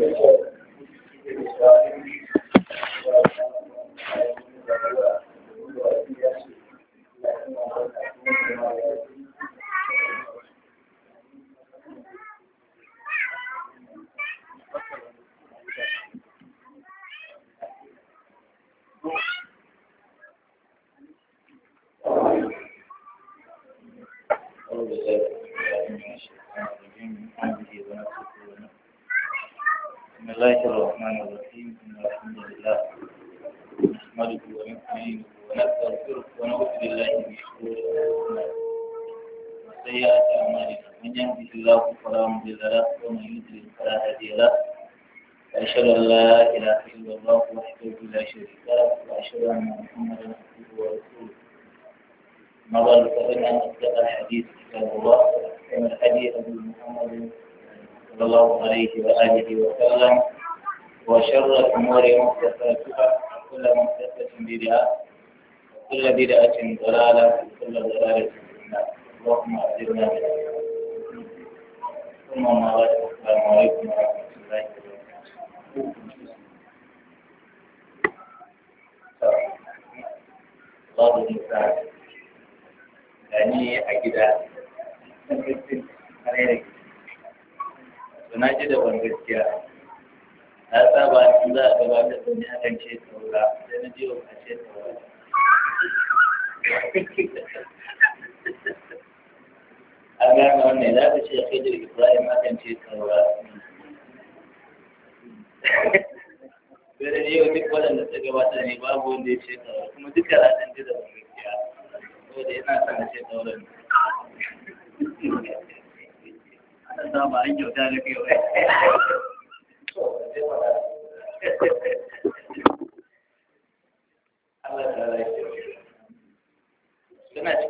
Thank you.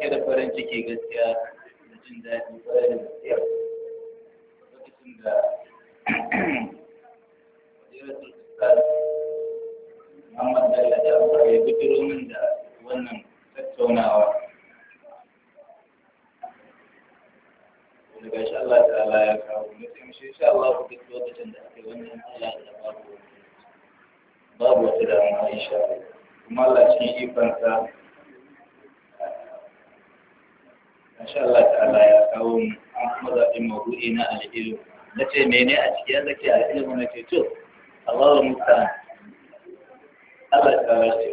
cike da farin ciki gaskiya da jin daɗi farin gaskiya lokacin da wajen Muhammad Bello da Amurka ya bujiro min da wannan tattaunawa. Daga shi Allah ta'ala ya kawo mutum shi insha Allah ku duk lokacin da ake wannan Allah da babu babu wata damuwa insha Allah. Kuma Allah shi ikonsa Allah ya kawo mu an kuma zaɓi na al'ilu na ce mene a ciki yadda ke al'ilu na ce to Allah musta Allah ya kawo ce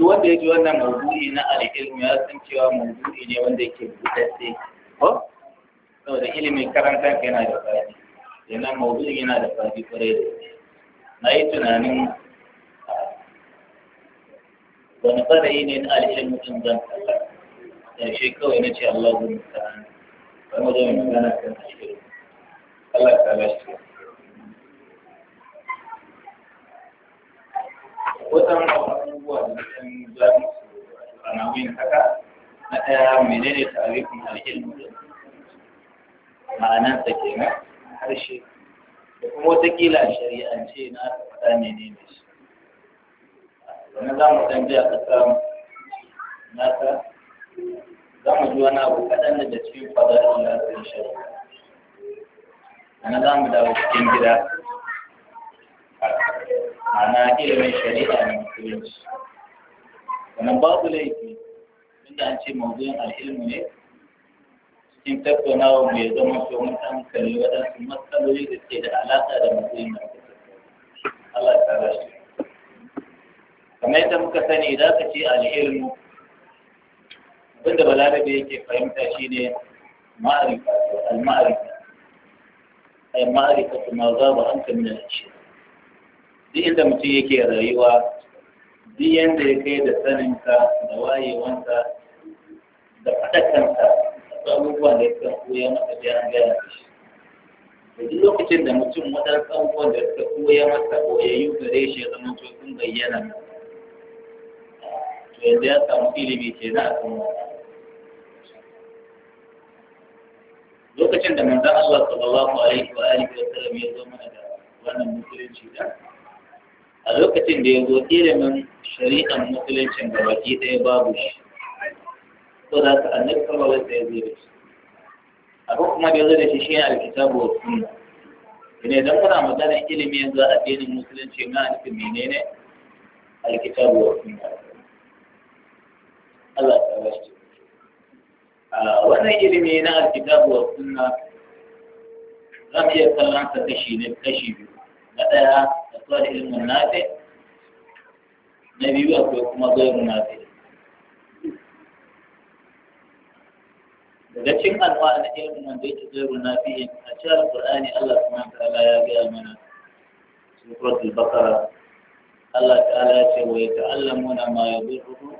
duk wanda ya ji wannan mabu na al'ilu ya san cewa mabu ne wanda yake buɗaɗɗe ko saboda ilimin karanta yana da fadi yana mabu yana da fadi kwarai da na yi tunanin ah, wani fadayi ne na al'ilmu ɗin zan kalla ƙarshe kawai na ce Allah zai musta'an bari mu zo mu magana kan ashirin Allah ka lashe wasan abubuwa da kan zamu su a nawin haka na ɗaya menene tarihin al'ilmu ma'anansa kenan harshe da kuma watakila a shari'ance na aka faɗa menene shi wani za mu ɗan biya ƙasa nasa za mu ji wani abu kaɗan da da cikin fadar Allah zai shari ana za mu dawo cikin gida ana ilimin shari'a na musulunci wannan babu laifi inda an ce mawuyin al'ilmu ne cikin tattaunawa mu ya zama so mun an kalli waɗansu matsaloli da ke da alaƙa da mawuyin na Allah ta rashi kamar yadda muka sani za ka ce al'ilmu tunda balarabe yake fahimta shine ma'arifa al-ma'arifa ay ma'arifa ma za ba an kan nan shi duk inda mutum yake rayuwa duk yanda ya kai da saninka da wayewanka da fadakanka a abubuwan da suka koya maka da an gaya shi da duk lokacin da mutum waɗansu abubuwan da suka koya ya yi gare shi ya zama sun bayyana to yanzu ya samu ilimi ke na a kan wata lokacin da manzan Allah sallallahu alaihi wa alihi wa sallam ya zo mana da wannan musulunci da a lokacin da ya zo ilimin shari'an musuluncin da baki ɗaya babu shi ko za ka annabi sallallahu alaihi wa sallam abu kuma da ya zo da shi shine alkitabu wa sunna ne dan muna maganar ilimi yanzu a addinin musulunci ma nufin menene alkitabu wa sunna Allah ta bashi wannan ilimi na alkitabu wa sunna za mu iya kallon kashi ne kashi biyu na ɗaya da kawai ilimin nafi na biyu akwai kuma gairu nafi daga cikin alfahar na ilimin wanda yake gairu nafi a cikin alƙur'ani Allah subhanahu wa ta'ala ya gaya mana al-baqara allah ta'ala ya ce wa ya ta'allamuna ma يضرهم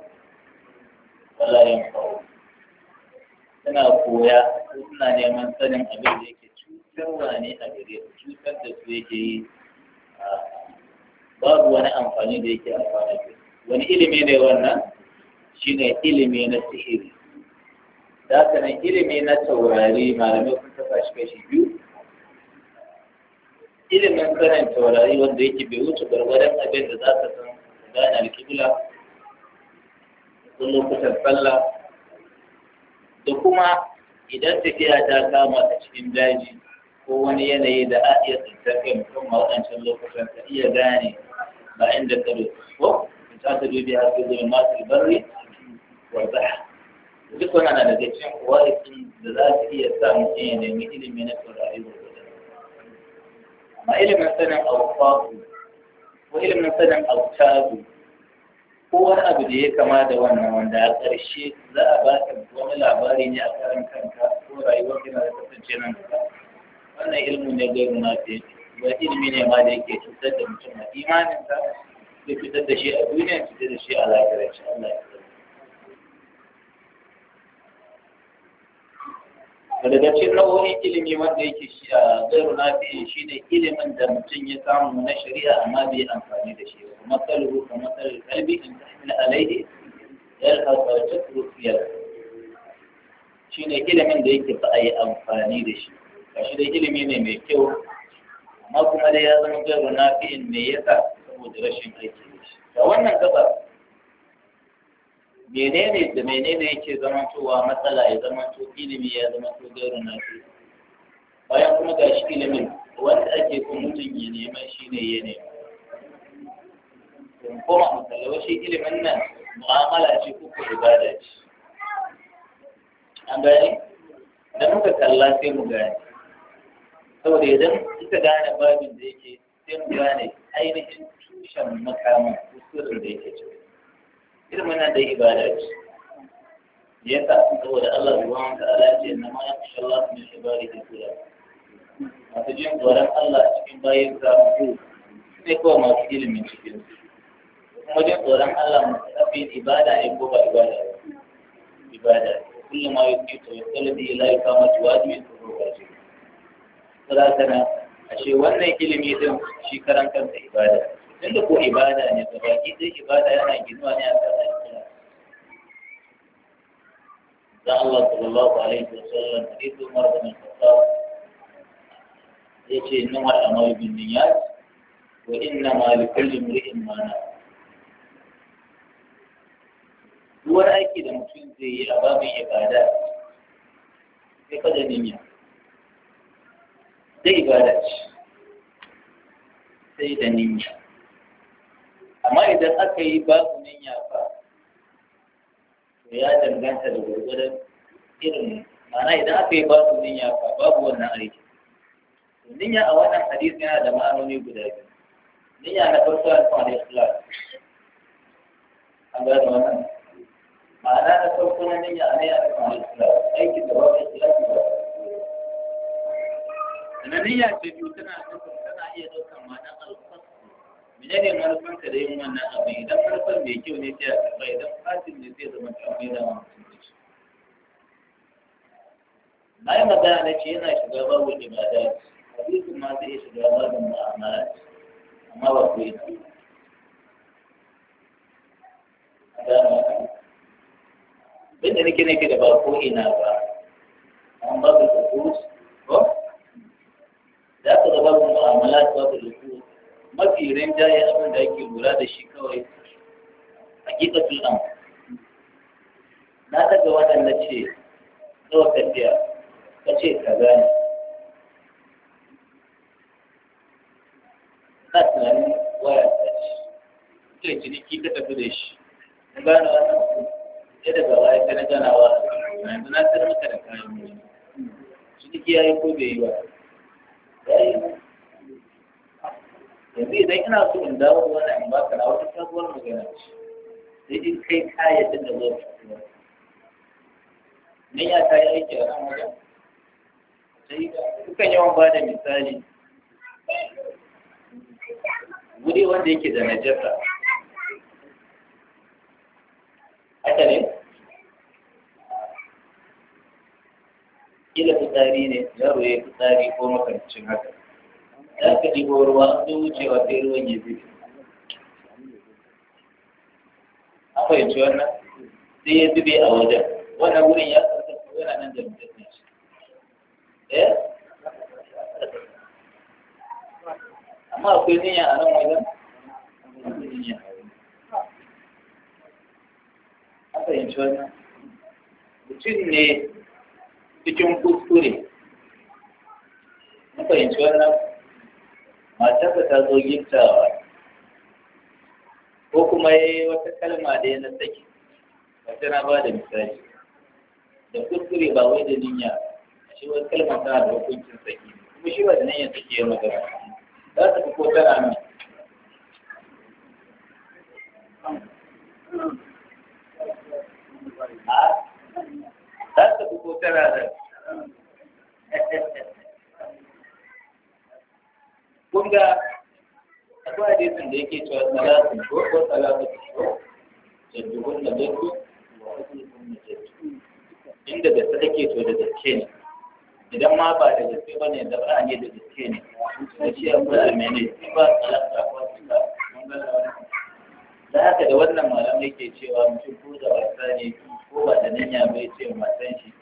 wala yanfa'u suna koya ko suna neman sanin abin da yake cutarwa ne a gare su cutar da su yake yi babu wani amfani da yake amfani da wani ilimi ne wannan shine ilimi na sihiri da haka nan ilimi na taurari malamai sun saka shi kashi biyu ilimin sanin taurari wanda yake bai wuce gwargwadon abin da za ka san gane alkibla ko lokutan sallah da kuma idan tafiya ta kama a cikin daji ko wani yanayi da a iya tsintar mutum a waɗancan lokutan ka iya gane ba inda ka ko in ta ta dubi har sai zama masu barri wa zaha duk wani na daga cikin warisin da za su iya sa mutum ya nemi ilimi na turare da Kuma amma ilimin sanin alfafu ko ilimin sanin alfafu ko wani abu da ya kama da wannan wanda a ƙarshe za a ba ka wani labari ne a karan kanka ko rayuwar kina da kasance nan gaba wannan ilimin ne gairu na mafi ba ilimi ne ma da yake cutar da mutum a ka, da fitar da shi a duniya fitar da shi a lafiyar shi Allah ya daga cikin nau'o'in ilimi wanda yake zairu nafi shi ne ilimin da mutum ya samu na shari'a amma bai amfani da shi ba matsalu ka matsalar kalbi in ta hana alaihi yar hasarci kurfiyar shi ne ilimin da yake ba a yi amfani da shi ga shi da ilimi ne mai kyau amma kuma da ya zama zairu nafi'in me yasa saboda rashin aiki da shi ga wannan gaba menene da menene yake zamantowa matsala ya zamanto ilimi ya zama zamanto gairu nasu bayan kuma ga shi ilimin wanda ake kun mutum ya nema shi ne ya nema kun koma misalai shi ilimin nan mu'amala ce ko ko ibada ce an gane da muka kalla sai mu gane saboda idan kika gane babin da yake sai mu gane ainihin tushen makaman usulun da yake ciki Ilimi na da ibada ce ya sa saboda Allah subhanahu wa ta'ala ce na ma yakhsha Allah min ibadi da kula masu jin tsoron Allah cikin bayan sa su ne kawai masu ilimin cikin su kuma jin tsoron Allah masu tsafi ibada ya ko ba ibada ibada kullum ma yuki to yasalabi la yakama wajibi ko wajibi sadaka na ashe wannan ilimi din shi karan kansa ibada inda ko ibada ne ga baki sai ibada yana ginuwa ne a kan alƙira da Allah sallallahu alaihi wa sallam Ya ce bin ma yace innamal a'malu binniyat wa innamal likulli imrin ma mana. wani aiki da mutum zai yi a babin ibada sai kada niyya sai ibada ce sai da niyya amma idan aka yi babu nan ya fa to ya danganta da gwargwadon irin ma'ana idan aka yi babu nan ya fa babu wannan aiki niyya a wannan hadisi yana da ma'anoni guda biyu niyya na farko alfa'al ikhlas an da, wannan ma'ana na farko na niyya ne alfa'al ikhlas aiki da wani ikhlas ba sananiyya ce biyu tana iya ɗaukar ma'ana ina ne manufar da yin wannan abu idan manufar mai kyau ne sai a karɓa idan fatin ne sai zama kyau mai da mutum da shi na magana na ce yana shiga babu ibada hadisin ma zai iya shiga babu mu'amala amma ba ku yi bin da nake nake da ba ko ina ba an babu da ko da aka ga babu mu'amala babu da mafi rinjaye abin da ake lura da shi kawai a hakikatul am na daga waɗanda ce tsawon tafiya ka ce ka gane na tunanin waya ta ce kai ciniki ka tafi da shi na gane mutum, ya daga waya ta na ganawa na yanzu na tsar maka da kayan mu ciniki ya yi ko bai yi ba ya yi yanzu idan ina so in dawo wani in baka na wata sabuwar magana ce sai in kai kayyadin da zuwa fitowa nan ya ta yi aiki a kan wajen sai kukan yawan ba da misali wuri wanda yake da najasa haka ne kila fitsari ne yaro ya fitsari ko makarancin haka za ruwa an wuce wa sai ruwan ya zube an fahimci wannan sai ya zube a wajen wannan wurin ya yana nan da mutum ne eh amma akwai niyya a nan wajen akwai niyya an fahimci wannan mutum ne cikin kuskure an fahimci wannan matarka ta zo giftawa ko kuma ya yi wata kalma da yana saki wata na ba da misali da kuskure ba wai da niyya shi wata kalma ta da hukuncin saki kuma shi ba da niyya saki ya magana za ta fi kota tana mai za ta fi ko tana da kun ga akwai adisun da yake cewa salatun ko ko salatun ko da jaddu wa hukumun da jaddu inda da ta take to da gaske ne idan ma ba da gaske ba ne da ba ne da gaske ne da shi akwai ne, shi ba salatun ko suka mun ga da haka da wannan malamai ke cewa mutum ko da wasa ne ko ba da nanya bai ce matan shi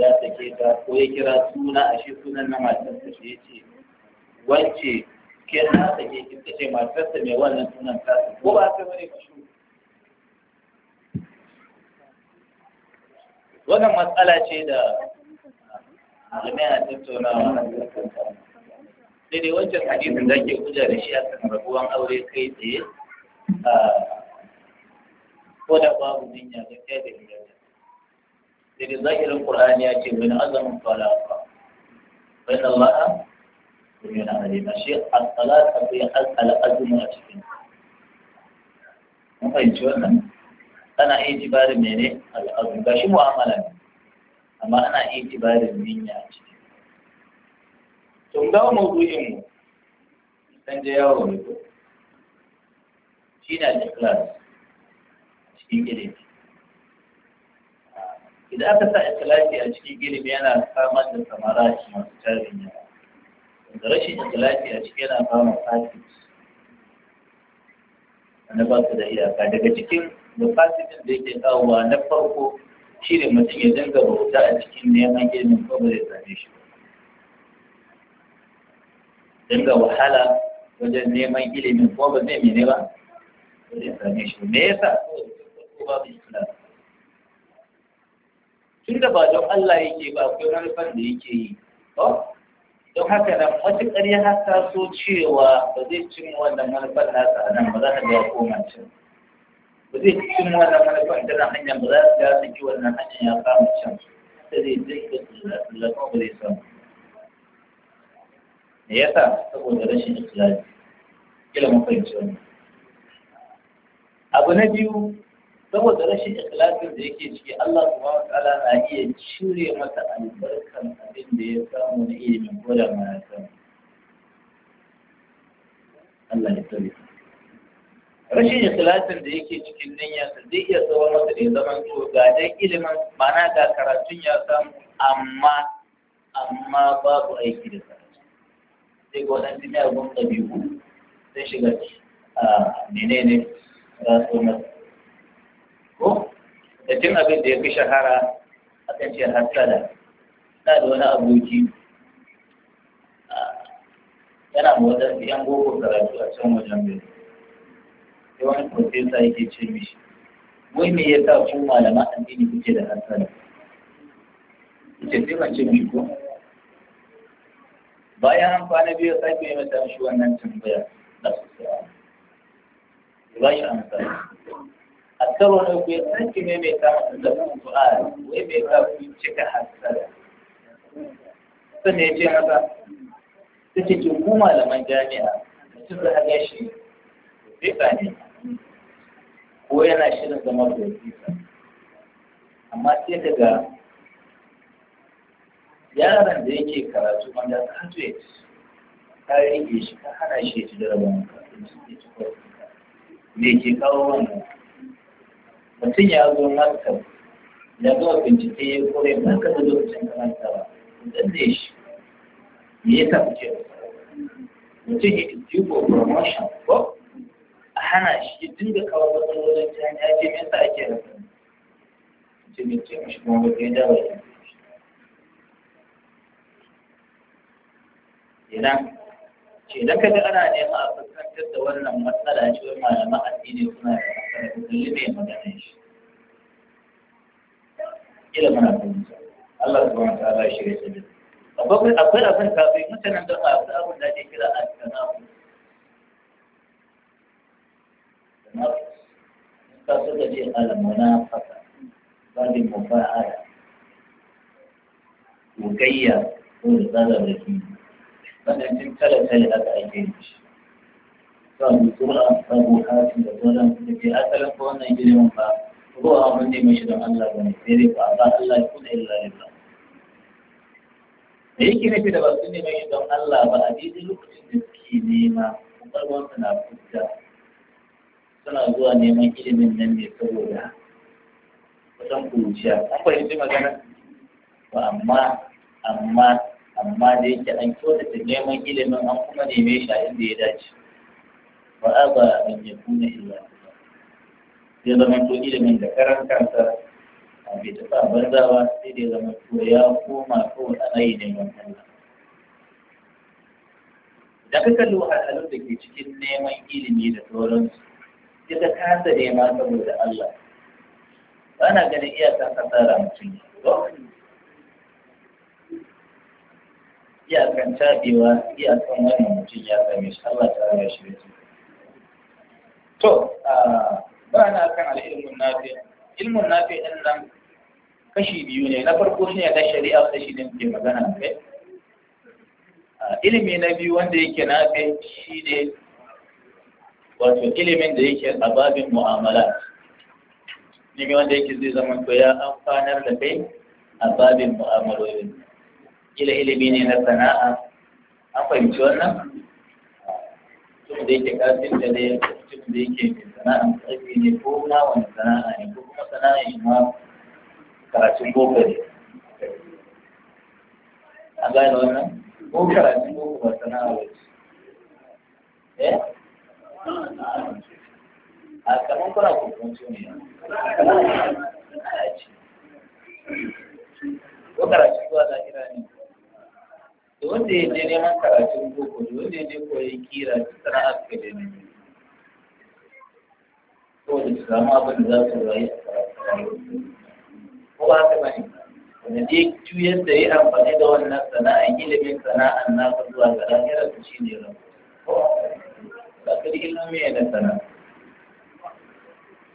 ya sake ta ko ya kira suna a shi sunan na matan shi ya ce wance ke na ta ke ita ce matarsa mai wannan sunan tasu ko ba ta bane mashu wannan matsala ce da malamai a tattaunawa a sai dai wancan hadisin da ke hujja da shi akan rabuwan aure kai tsaye ko da babu ninya ga kai da gidan sai dai zahirin qur'ani ya ce wani azamin fala fa fa inna allaha من هذه المشيئة الصلاة تضيحت على قدر مواجهين مفهيم شو أنا؟ أنا إيجباري مني على قدر مواجهين مؤاملة مني أما أنا إيجباري مني أجهين ثم دعوا موضوعين مو سنجي يا أوليكو شين أجي كلاس أشكي كريم إذا أفتح إخلاسي أشكي كريم أنا أفهمت لسمارات مستشارين يا أوليكو da rashin ikhlasi a cikin yana kama fasid na ba su da iyaka daga cikin mafasidin da yake kawowa na farko shi ne mutum ya dinga bauta a cikin neman ilimin ko ba zai same shi dinga wahala wajen neman ilimin ko ba zai mene ba ba zai same shi me yasa ko ba zai kula tun da ba don Allah yake ba akwai manufar da yake yi don haka nan matuƙar ya hasa so cewa ba zai cin wannan manufar nasa a nan ba za ka ga koma can ba zai cin wannan manufar ta nan hanyar ba za ka ga saki wannan hanyar ya kama can ta zai dinga tsira kuma ba zai samu me yasa saboda rashin ikhlasi kila mun fahimci wannan abu na biyu saboda rashin ikilasin da yake ciki Allah subhanahu wataala na iya cire masa albarkan abin da ya samu na ilimin ko da ma ya samu Allah ya tsare rashin ikilasin da yake cikin nan niyyarsa zai iya zama masa da zaman to ga dan ilimin mana ga karatun ya samu amma amma babu aiki da karatu sai ga a miyagun biyu, sai shiga ah, menene rasu ko da cin abin da ya fi shahara a kan ce hasada na da wani aboki yana wata yan boko karatu a can wajen bai sai wani profesa yake ce mishi wai me ya sa ku malaman addini kuke da hasada ce sai ban ce ko bayan an kwana biyu ku yi mata shi wannan tambaya na sosai ba shi amsa a karo na ku ya sanki mai mai kama da Qur'ani wai mai ka ku cika hasara sannan ya ce haka ta ce ku malaman jami'a mutum da haka shi zai ne ko yana shirin zama profesa amma sai daga yaron da yake karatu wanda graduate ka rike shi ka hana shi ya ci jarabawan karatu ne ke kawo wannan mutum ya zo maka ya zo bincike ya kore ba ka da lokacin karanta ba dan da shi me ya tafi ce mutum ya ko promotion ko a hana shi ya dinga kawo matsalolin ta hanyar ce me yasa ake rasa ce me ce mishi kuma ba ya dawo ya idan ce idan ka ga ana nema a fuska fitar da wannan matsala ce wani malama addini suna da matsala da lullube magana shi ila mana fahimta Allah subhanahu wa ta'ala shi ya sani akwai akwai abin kafin mutanen da ba su abin da ake kira al-tanafu tanafu ka so da ce al-munafaqa bani mufa'ala gayya ko da tsada da ki wannan tun kala kala aka aike shi samu tura samu kafin da sauran da ke asalin ko wannan girman ba ko abin da mai shirin Allah ba ne sai dai ba ba Allah ya kuna illa lillah da yake nufi da ba su neman mai don Allah ba a daidai lokacin da suke nema kwakwalwar suna fuska suna zuwa neman ilimin nan ne saboda kusan kuruciya an fahimci magana ba amma amma amma da yake an kyautata neman ilimin an kuma neme shi a inda ya dace wa aba an yakuna illa ya zama to ilimin da karan kansa a bai ta banza ba sai da ya zama to ya koma kawai a ne neman Allah da ka kalli wahalhalun da ke cikin neman ilimi da sauransu ya ta kasa nema saboda Allah ba na ganin iyaka kasara mutum ba iyakan cabewa iyakan wannan mutum ya same shi Allah ta rage shi to ba na kan al'ilmun nafi ilmun nafi din nan kashi biyu ne na farko ne na shari'a da shi ne ke magana kai ilimi na biyu wanda yake nafi ne wato ilimin da yake ababin babin mu'amala ilimi wanda yake zai zama to ya amfanar da kai ababin babin mu'amalolin ila ilimi ne na sana'a an fahimci wannan tun da yake kafin da ne mutum da yake mai sana'ar ne ko na wani sana'a ne ko kuma karatun boko ne a gane wannan ko karatun boko ba sana'a ba eh a kuna ne ko karatun zuwa lahira ne da wanda ya je neman karatun boko da wanda ya je koyon kira sana'ar ne saboda su samu abin da za su rayu ko ba haka bane wanda dai juyar da ya amfani da wannan sana'an ilimin sana'an nasa zuwa ga lahira su shi ne rabu ba ka da ilimi ya da sana'a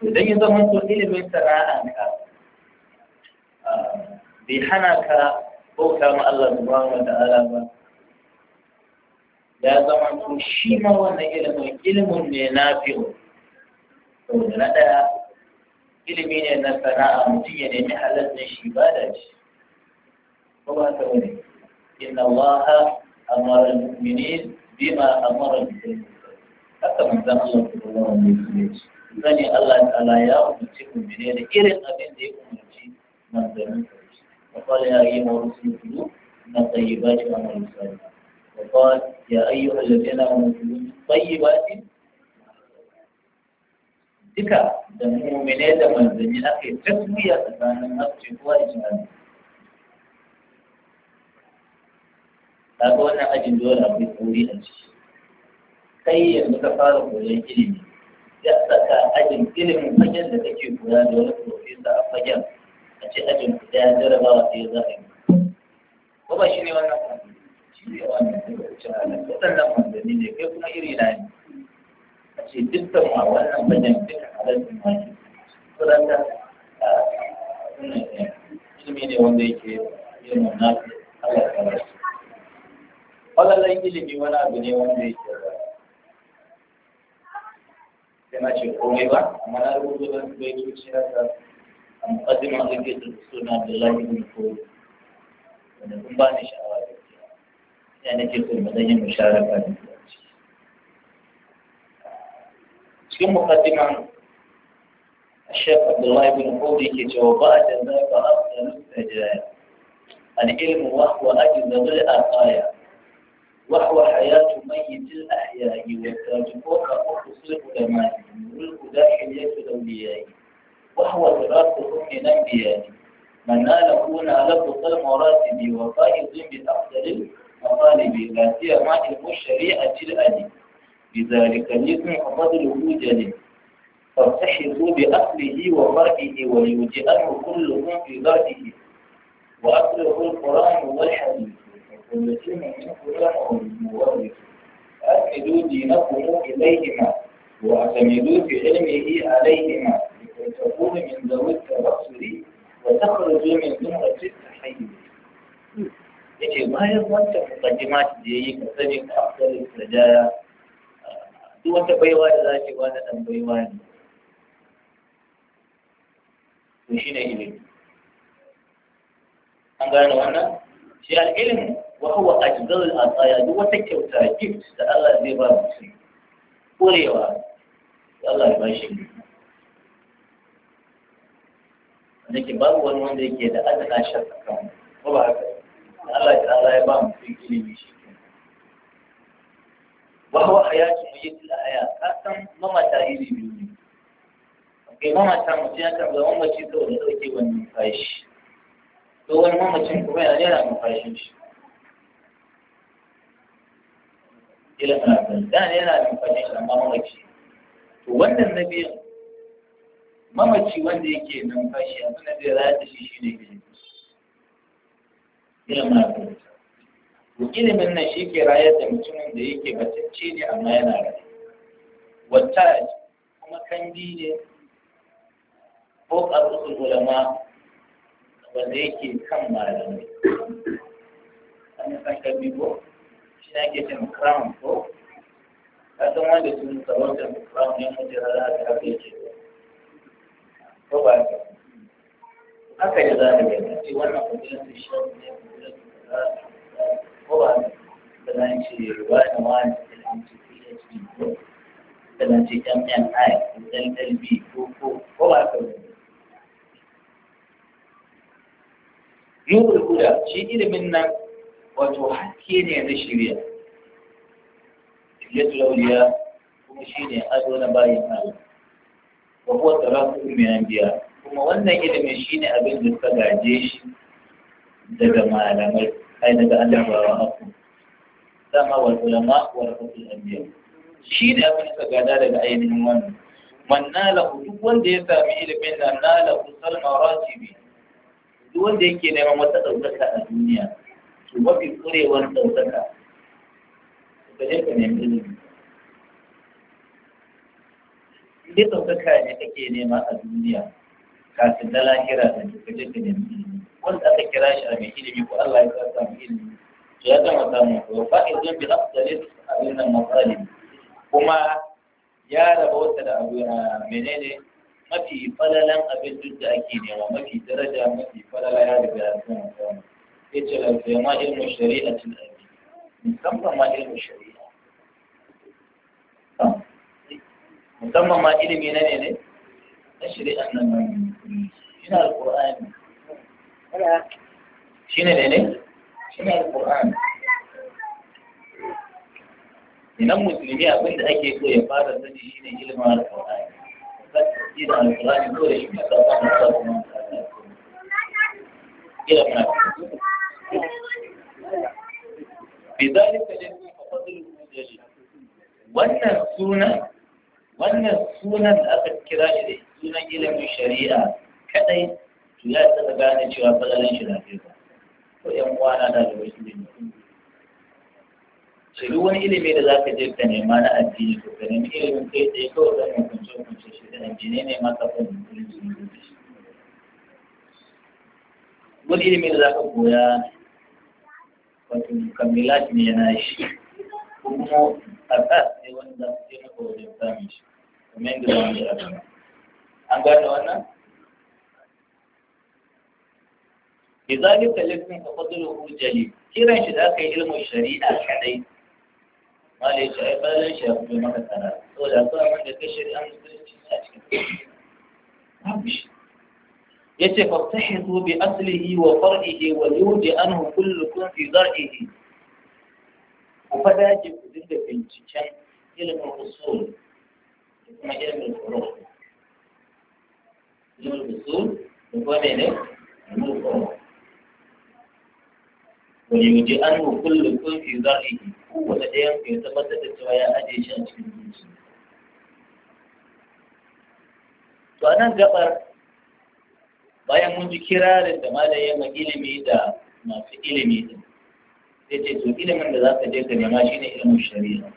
idan ya zama to ilimin sana'an ka bai hana ka bauta ma Allah subhanahu wa ta'ala ba ya zama to shi ma wannan ilimin ilimin ne na fi'o saboda na ɗaya ilimi ne na sana'a mutum ya nemi halal na shi ba da shi ko ba ta wani inna allaha amara al-mu'minin bima amara al-mu'minin haka manzon Allah sallallahu alaihi wasallam sani Allah ta'ala ya umarci mu'mini da irin abin da ya umarci manzon sa وقال يا أيها الرسل كلوا من الطيبات وما يسألون وقال يا أيها الذين آمنوا كلوا من الطيبات duka da mummune da manzanni aka yi tasmiya tsakanin masu kowa da jihadi kaga wannan ajin dole akwai tsori a ciki kai yanzu ka fara koyon ilimi ya saka ajin ilimin fagen da kake koya da wani profesa a fagen a ce ajin ku ɗaya jarabawa sai ya za a yi ko ba shi ne wannan shi ne wannan waɗannan manzanni ne kai kuma iri na ne ce dukkan wannan bayan duka halattun mace saboda ilimi ne wanda yake yin nafi Allah ya rasu falalan ilimi wani abu ne wanda yake sai na ce komai ba amma na rubuta da su bai tuci haka a muqaddima da ke da suna Abdullahi ibn Kowai wanda kun ba ni sha'awa da ke ya nake so mu zan yi musharaka da في مقدمة الشيخ عبد الله بن حودي كتب بعد ذاك أفضل الأجيال العلم وهو أجمل الأقايا وهو حياة ميت الأحياء والتاجفوك أخص العلماء ملك داحلية الأولياء وهو تراث حكم الأنبياء من ناله نالته المراتب وفائز بأفضل المطالب لا سيما علم الشريعة الأليم بذلك ليسمع الرجل وجله فارتحصوا باكله وفرعه وليجئه كلهم في ذاته واكله القرآن والحديث وكل شيء له مورث اكدوا دينكم إليهما واعتمدوا في علمه عليهما لكي تكون من ذوي التبصر وتخرجوا من زمرة التحيز yace bayan wancan mukaddimat da yayi ka sani ka afdalin sajaya duk wata baiwa da za ce ba na ɗan baiwa ne to shi ne ilimi an gane wannan shi al'ilm wa huwa a al-ataya duk wata kyauta gift da Allah zai ba mutum korewa da Allah ya ba shi da ke babu wani wanda yake da adana shakka kan ko ba haka Allah ya ba mutum ilimi shi wa huwa hayatun yuhyi al-hayat ka san mamata iri biyu ne kai mamata mutum ya karɓi mamaci saboda ɗauke wani numfashi to wani mamacin kuma yana nera numfashin shi ila farafin da ne yana numfashin shi amma mamaci to wannan na biyan mamaci wanda yake numfashi abin da zai rata shi shi ne gani ila farafin ilimin nan shi ke rayar da mutumin da yake batacce ne amma yana rayu wata kuma kandi ne ko gulama ulama wanda yake kan malamai an san kabi ko shi ne ke cin crown ko kasan wanda sun da crown ne mutum rana da haka yake ko ba haka haka ne za ka gani wannan kudin su shi ne za ce wani wani sannan ce phd ko sannan ce mni llb ko ko ko ba ka wani yiwuwar kuda shi ilimin nan wato haske ne na shirya shirya tulauliya kuma shi ne ado na bayan Allah wa kuwa tsarafu mai biya kuma wannan ilimin shi ne abin da suka gaje shi daga malamai ai daga annabawa hakan sama wal ulama wa rafatul anbiya shi ne abin da gada daga ainihin wannan man nalahu duk wanda ya sami ilimin nan nalahu salma ratibi duk wanda yake neman wata ɗaukaka a duniya to mafi kurewar Su ka je ka nemi ilimi dai ɗaukaka ne kake nema a duniya kafin na lahira da ka je ka nemi ilimi wanda aka kira shi a mai ilimi ko Allah ya sa mai ilimi ya gama samun koyo fa'idun bi afdalin abin nan matsali kuma ya raba wata da abu ah, menene mafi falalan abin duk da ake nema mafi daraja mafi falala ya riga ya zama samu ya ce lafiya ma ilmu shari'a cin abi musamman ma ilmu shari'a ah. musamman ma ilimi na ne ne na shari'a nan nan shi na alƙur'ani shi ne ne ne shi ne alƙur'ani idan musulmi abin da ake so ya fara sani shi ne ilimin alƙur'ani zai da alƙur'ani ko da shi ne sabon da sabon da ilimin alƙur'ani بذلك جنبي فقتل المجاهد wannan sunan wannan sunan da aka kira shi da sunan ilimin shari'a kadai to ya tsada gane cewa fadalan shi na fiye ko yan uwa na da wasu ilimi shi duk wani ilimi da zaka je ka nema na addini ko ka nemi ilimin kai tsaye kawai yi kunce kunce shi da addini ne ma ka fahimci wani ilimi da zaka koya wato ne yana shi kuma a za an gane wannan لذلك تلفنا تفضل وهو جليل كيف يعني شدها كي علم الشريعة الحدي ما ليش عيب لا ليش عيب في مرة ثلاثة ولا أطلع من ذلك الشريعة مستلسة ساجة مابش يتفتحه بأصله وفرعه وليود أنه كل كن في ذرعه وفدا يجب ذلك في الشيشان علم الأصول ثم علم الفروع علم الأصول إليه علم الفروع fi ويجي أنه كل كل في ذرعه هو لديه يتمدد التوايا أجي A nan قبر bayan mun ji kirarin da malaye ma ilimi da masu ilimi din sai ce to ilimin da za ka je ka nema shi ne ilimin shari'a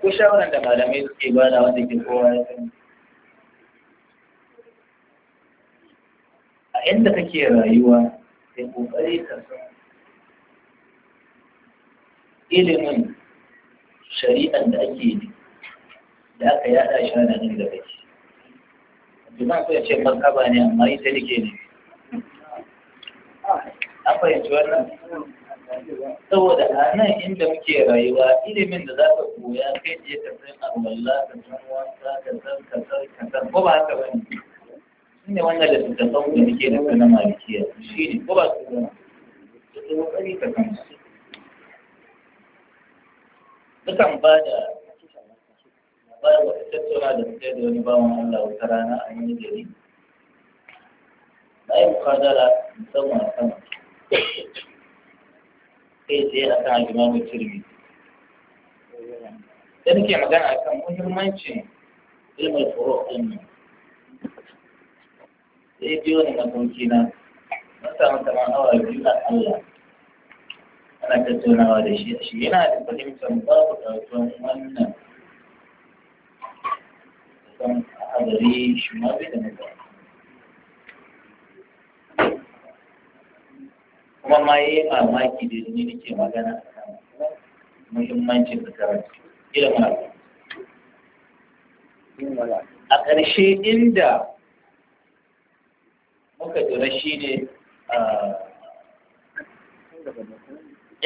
ko shawaran da malamai suke ba da wanda ke kowa ya sani a inda kake rayuwa da ƙoƙari ka san ilimin shari'ar da ake yi da aka yada shi na nan da kai abin da ya ce kaba ne amma ita nake ne. An fahimci wannan? Saboda a nan inda muke rayuwa ilimin da za ka koya kai ce ka san wallah ka san wasa ka san ka san ka san ko ba haka ba ne. shi ne wannan da suka tattafan da ke da na malikiya shi ne ko ba su zama da su kokari ka kan su dukan ba da bayan wata tattauna da muke da wani bawan Allah wata rana a wani gari na yi mukadara musamman a sama kai sai a kan alimamu turmi da nake magana a kan muhimmancin ilmin furo ɗin nan sai biyo na kunki na masa masa kamar awa biyu na Allah ana tattaunawa da shi shi yana da fahimtar babu ɗaukan wannan a hadari shi ma bai da mutane kuma ma yi mamaki da ni nake magana a kan muhimmancin da karatu ilimin a ƙarshe inda muka jira shi ne ah,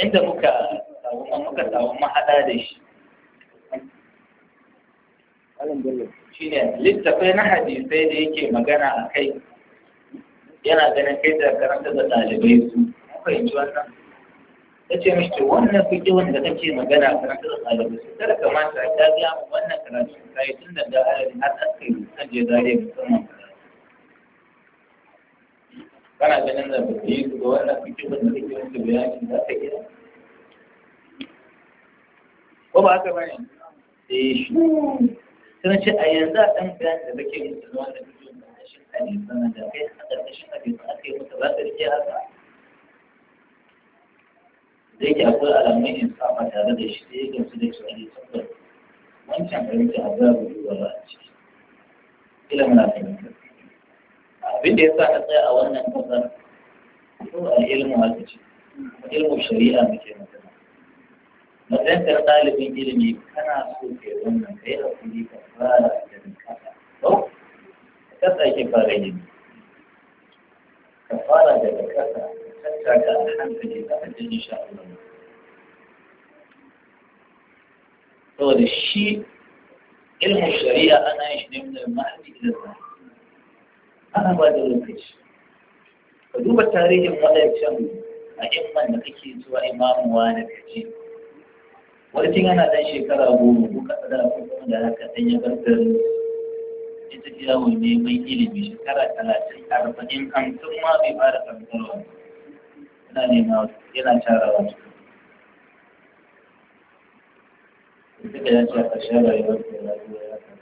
inda muka samu muka samu mahada da shi shi ne littafai na hadisai da yake magana a kai yana ganin kai da karanta da dalibai su fahimci wannan ta ce mishi wannan kuke wanda kake magana a karanta da dalibai su kada kamata ta gaya mu wannan karatu ta yi tun da da har aka yi kan je zariya musamman kana ganin da ba yi su ga wannan mutumin da kake musu bayani za ka iya ko ba haka bane eh shi sai ce a yanzu a ɗan bayani da kake musu da wannan mutumin da shi ne sanan da kai a ƙarƙashin abin da aka yi musu za ka rike haka da yake akwai alamun in sa ba tare da shi da ya gamsu da shi a ne tabbata wancan abin da azabu yi wa ba a ciki ila muna fahimtar abin da ya sa na tsaya a wannan kasar ko al'ilmu haka ce ilmu shari'a muke magana magantar ɗalibin ilimi kana so ka yi wannan ka yi hakuri ka fara da kasa to kasa ke fara yin ka fara daga kasa ka tattaka a hankali za ka ji insha Allah saboda shi ilmu shari'a ana ba da lokaci ka duba tarihin wadancan a imman da kake zuwa wa na kaji wani ana dan shekara goma ko kasa da ko kuma da haka dan ya bar garin ya tafi yawo neman ilimi shekara talatin arba'in tun ma bai fara kankarwa yana nema yana tarawa suka yace a ƙarshen rayuwar da ya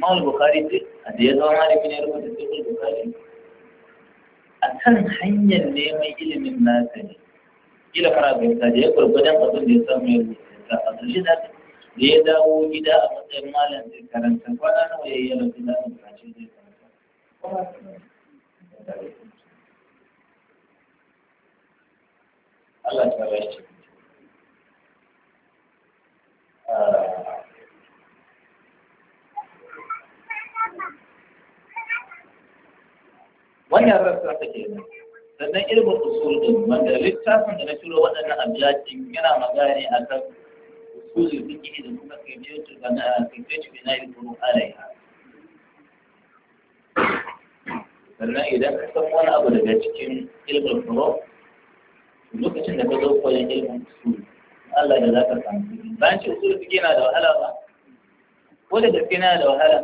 imam bukhari ce a da ya zama malami ne rubuta cikin bukhari a kan hanyar neman ilimin nasa ne kila fara fahimta da ya gwargwadon abin da ya samu ya rubuta a ƙarshe da da ya dawo gida a matsayin malam zai karanta kwana nawa ya yi rasu da a kashi zai karanta Allah ta bashi. wannan rasa ta ke sannan ilimin usul din wanda littafin da na turo waɗannan abjajin yana magana ne akan usul fiqh da kuma kaifiyatu bana kaifiyatu bina yuru alaiha sannan idan ka san wani abu daga cikin ilimin furo lokacin da ka zo koyon ilimin usul Allah da za ka samu bayan ce usul fiqh yana da wahala ba ko da gaske yana da wahala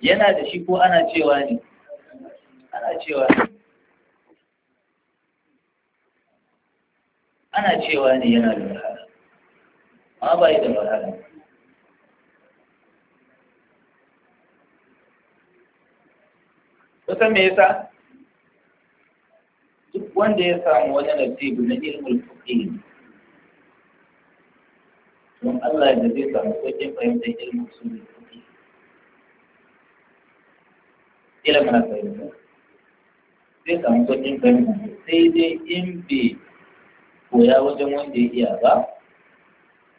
yana da shi ko ana cewa ne ana cewa ana cewa ne yana da wahala Ma ba yi da wahala wata me yasa duk wanda ya samu wani nasibu na ilmul fiqh don Allah da zai samu wajen fahimtar ilmul sunni kila mana fahimta sai samu kwancin fahimta sai dai in bai koya wajen wanda ya iya ba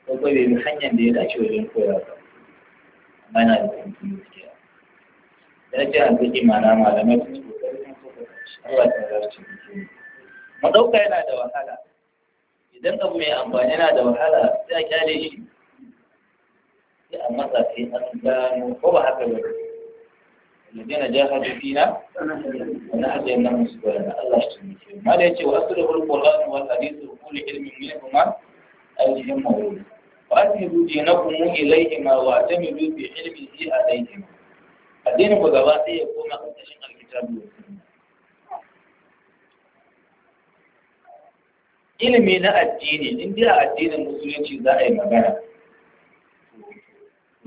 ko bai bi hanyar da ya dace wajen koya ba amma yana da fahimta gaskiya da tó ń zaki mana malamai sun ko kokarin Allah ta zarce mutum mu dauka yana da wahala idan abu mai amfani yana da wahala sai a kyale shi sai a matsa sai an gano ko ba haka ba الذين جاهدوا فينا ونهديناهم سبلنا الله يهديهم ما يأتي وأصله القرآن والحديث وكل علم منهما أيهم مولود دينكم إليهما واعتمدوا بعلمه عليهما الدين بغواتي يكون أكتشف الكتاب ilimi na addini in dai addinin musulunci za a yi magana to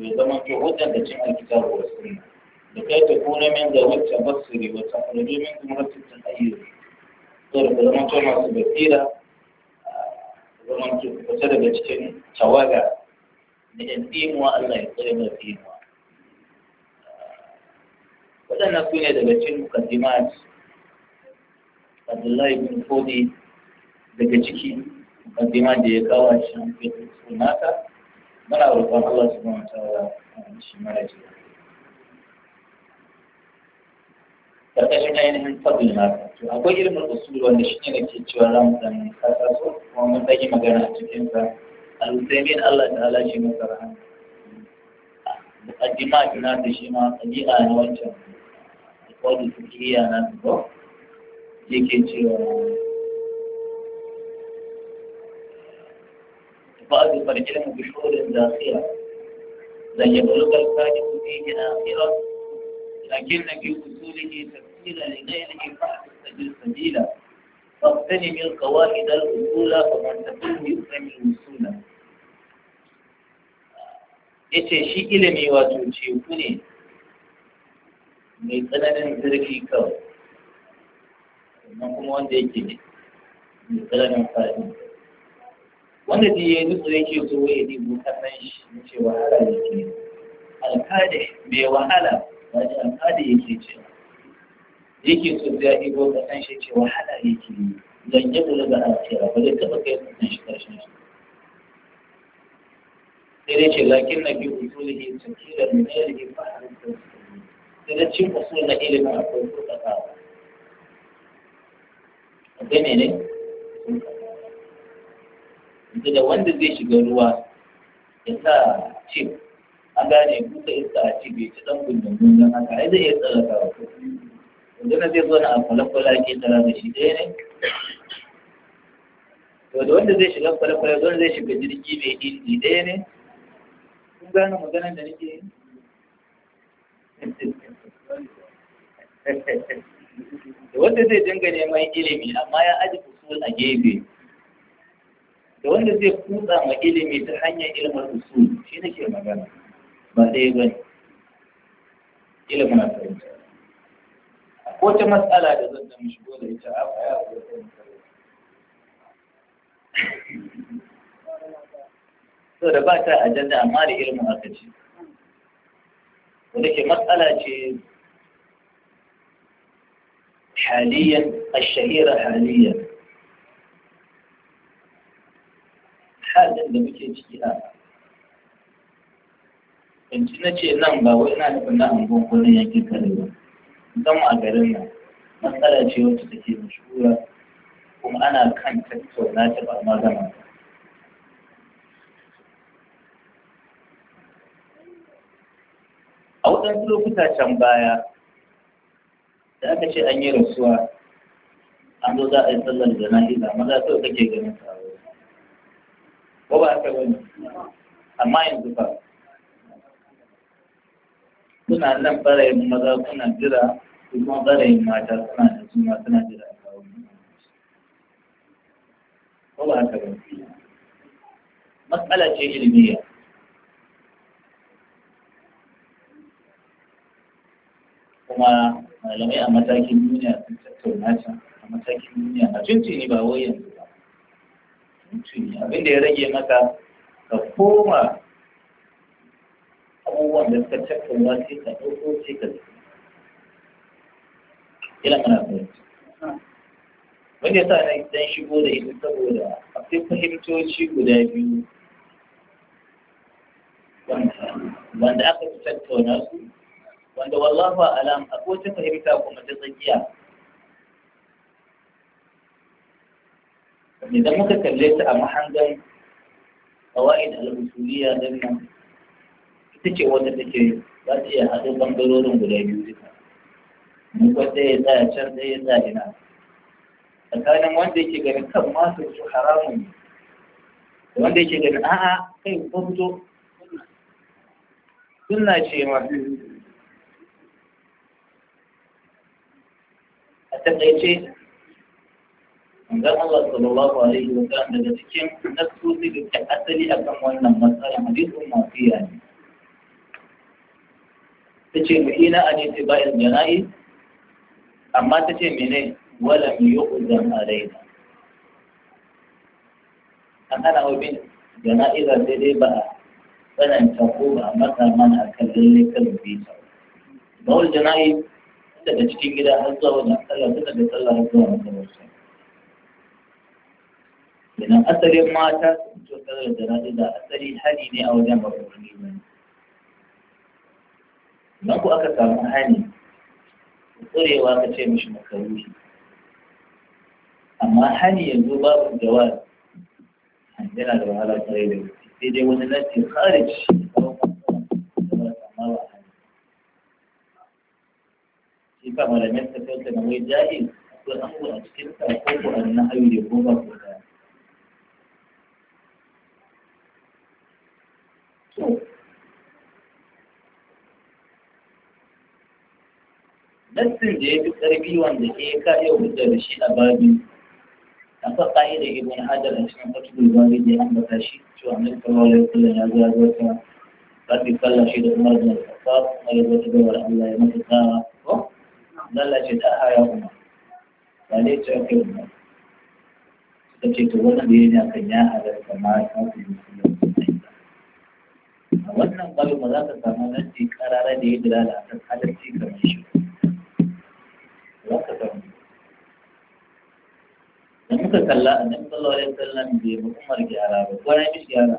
ya zama to hujjar da cin alkitabu wa sunna لكي تكون من ذوي التبصر وتخرج من ثمرة التخيل saboda ku zama tona su basira zaman ku fita daga cikin tawaga da yan tsimuwa Allah ya su ne daga cikin mukaddimat Abdullahi bin Fodi daga ciki mukaddima da ya kawo a cikin mana sunata muna roƙon Allah subhanahu wa ta'ala shi mara jiya karkashin ainihin fadil akwai ilimin usul wanda shi ne ke cewa za mu dan so kuma magana a cikin sa al-usaimin Allah ta ala shi masa rahama al-jima kina shi ma tabi'a na wancan al-qawlu fiqhiyya na ko yake cewa بعض العلم بشهور داخلة لن يبلغ الفاجر فيه آخرة لكن في أصوله تكون سبيل لغيره فتستجل سبيلا فاغتنم القواعد الأصول فمن تكون يفهم yace shi ilimi wato teku ne mai tsananin zurfi kawai kuma wanda yake ne mai tsananin fadi wanda da ya yake ya kasan shi na ce wahala yake alkade mai wahala wani alkade yake cewa yake so ya ibo ka san shi ce wahala yake yi dan ya bula ga asira ba zai taba kai san shi karshen shi sai dai ce lakin na bi usulihi tsakira min alihi fa harfa sai da cin usul na ilimin akwai ba da ne ne da da wanda zai shiga ruwa ya sa cin an gane busa iska a cibi ta dan gundun gundun haka ai zai iya tsara ka yanzu zai zo na akwalakwala ke tara da shi ɗaya ne to da wanda zai shiga kwalakwala wanda zai shiga jirgi mai inji ɗaya ne kun gano maganar da nake yi da wanda zai dinga neman ilimi amma ya aji usul a gefe da wanda zai kutsa ma ilimi ta hanyar ilimin usul shi nake magana ba ɗaya ba ne ilimin a fahimta wata matsala da zan dan shigo da ita a baya so da ba ta ajanda amma da irin aka ce wanda ke matsala ce a shahira حاليا halin da muke ciki a yanzu na ce nan ba wai na tafi na angon wani yankin kare ba musamman a garin nan matsala ce wacce take mashura kuma ana kan tattauna ta ba ma gama a waɗansu lokuta can baya da aka ce an yi rasuwa an zo za a yi sallar da jana'iza maza sau kake ganin taro ko ba ka wani amma yanzu ba suna nan ɓarayin maza suna jira su kuma ɓarayin mata suna da su ma suna jira a kawo ko ba haka ba matsala ce ilmiya kuma malamai a matakin duniya sun tattauna ta a matakin duniya a tuntuni ba wai yanzu ba tuntuni abinda ya rage maka ka koma abubuwan da suka tattauna sai ka ɗauko sai ka ila kana fahimta wani ya sa na dan shigo da ita saboda akwai fahimtoci guda biyu wanda aka fi tattauna su wanda wallafa alam akwai wata fahimta kuma ta tsakiya idan muka kalle ta a mahangan kawai da al'usuliya don nan ita ce wata take za ta iya haɗo ɓangarorin guda biyu duka maimakon ɗaya ya tsaya can ɗaya ya tsaya ina tsakanin wanda yake ganin kan masu su haramun ne wanda yake ganin a'a kai ko fito sunna ce ma a taƙaice zan Allah sallallahu alaihi wa sallam daga cikin nasu nasosi da asali akan wannan matsalar hadisin masu ne ta ce mu ina a nisi ba in jana'i amma ta ce mene wala mu yi uzan a raina an hana wa bin jana'izar sai dai ba a tsananta ko ba a matsa mana a kan lalle kan bi ta ba wani jana'i daga cikin gida har zuwa wajen sallah tun daga sallah har zuwa masallaci idan asalin mata sun to sallar jana'iza asali hari ne a wajen babban gida na ku aka samu hani tsurewa ka ce mishi makaruhi amma hani yanzu babu jawab yana da wahala kwarai da gaske sai dai wani nasi kharij shi ka malamin ta kai ta na wai jahil akwai abubuwa a cikin ta ko ko an na hayu da ko ba ko da لكن ده بتربي وانده كيكا يو بتدرشي في أفقا إلي إبن حجر أشمع فتب البابي دي أم بتاشي شو عمل فرولي كل نازع دوكا قد يقل شيد عمر بن الخطاب مريض وتدور أن لا يموت الساعة لا شيد أحا يا عمر فليه تعكي عمر تبتشي تقول نبيني أكينا هذا الكمال فاتي مسلم wannan balu ba za ta samu nan shekara da ya jira da ta halarci kamar shi ba za ka da muka kalla annabi sallallahu alaihi wasallam bai mu umar gyara ba ko ya mishi gyara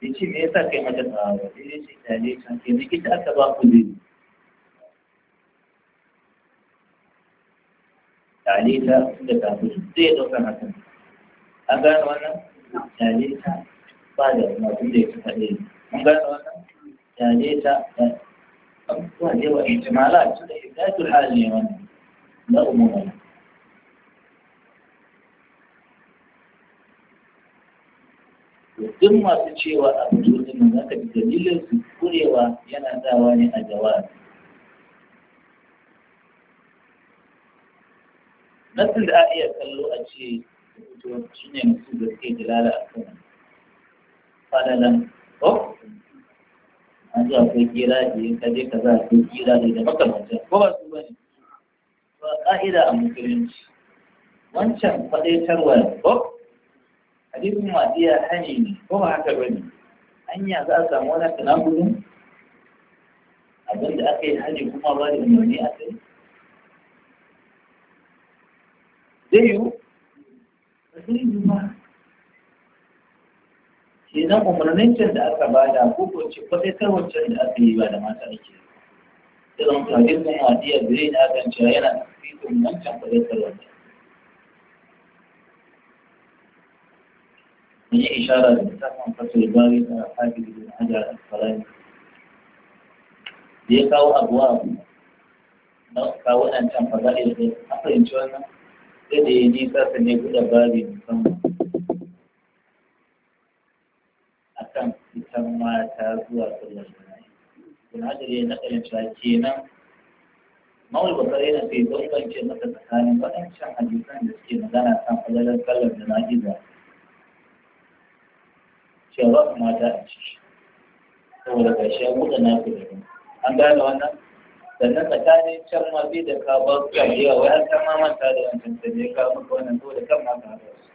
ya ce me yasa kai mata ba sai ya ce kyale can ke ne da aka ba ku zai kyale ta da kafin zai ɗauka hakan an gane wannan kyale ta ba da mutum da ya fi kaɗai an gane wannan kyale ta abubuwa da yawa ijimala su da ibadatul hal ne wannan na umuma duk masu cewa abu jirgin za ka ji dalilin su kurewa yana dawa ne a jawabi nasin da a iya kallo a ce shi ne mutum da suke jilala a kan fadalan ko an ce akwai kira da ka je ka za a kai kira ne da makamantar ko ba su bane ba ƙa'ida a musulunci wancan faɗaitarwa ko hadisin wadiya hani ne ko ba haka bane hanya za a samu wani tanakudin abin da aka yi hali kuma ba da umarni a kai zai yiwu ba zai yiwu ba idan umarnin da aka ba ko ko ce ko sai kawo can da aka yi ba da mata ne idan tafi mun hadiya bire da aka cewa yana da nan can ko sai kawo ne ni ishara da ta kan fasu bari da hadi da hada al-qalam da ya kawo abuwa na kawo nan can fadali da aka yi ciwon nan sai da ya ji sa ne guda bari musamman akan fitan mata zuwa sallar jana'i ibn hajar ya nakalin cewa kenan mawul bakar yana sai bambance masa tsakanin waɗancan hadisan da suke magana kan falalar sallar jana'i da cewa mata a ciki saboda ƙarshe ya buɗe na fi daga an gane wannan sannan tsakanin can ma zai da ka ba su yawa wai an san ma manta da wancan da ne ka muka wannan saboda kan ma ka haɗa su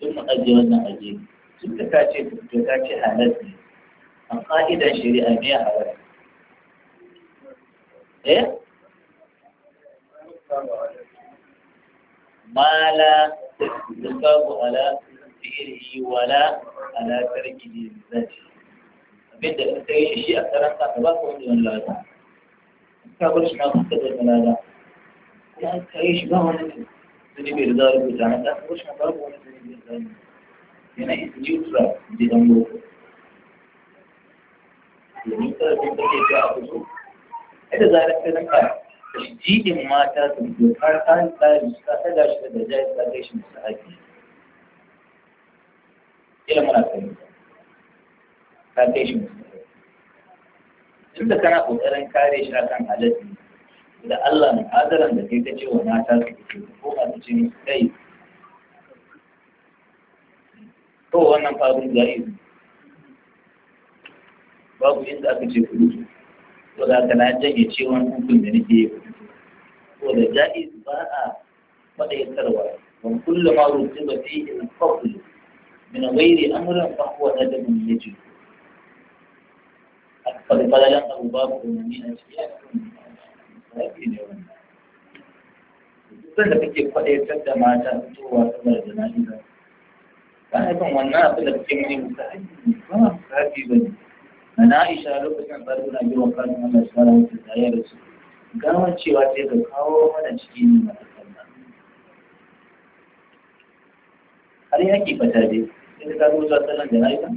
ثم أجي وأنا أجي ثم تأتي تأتي حالتي القائدة شريعة جاهلة إيه؟ إيه؟ ما لا يصاب على فيه ولا على ترك ذاته أبدا أي شيء أكثر أنت أبقى أمي ولا لا أكثر أقول شنو أكثر أنت لا أكثر أي سری به رضا رو بزنه دست خوش مطالب اون سری به رضا یعنی این نیوترا دیدم بود نیوترا دیدم که چه آبوزو ایده زارت کردم کار تشدید ما تا تنبیو هر کار کار مستقه داشته بجای سرگش مستحقی ile munafiki ka kai shi musulmi duk da kana kokarin kare shi akan halatta da Allah na hadaran da kai ta ce wa mata su ke ko koma da ce kai to wannan faru da yi babu da aka ce kudu ko da aka na janye ce wani hukun da nake yi ko da ja'i ba a faɗaitarwa wani kullum ma rubutu ba fi in faɗi min ghairi amrin fa huwa nadabun yajib akfar falalan abu babu umarni a cikin kusan da kake kwaɗaitar da mata fitowa saboda jana'iza ba na kan wannan abin da kake muni musa ba ma kafi ba ne na aisha lokacin tsaro na biyu kan Allah shi da mutu da yare su gawar cewa sai ka kawo mana ciki ne mata sannan har yaki fata dai sai ka zo zuwa sallan jana'iza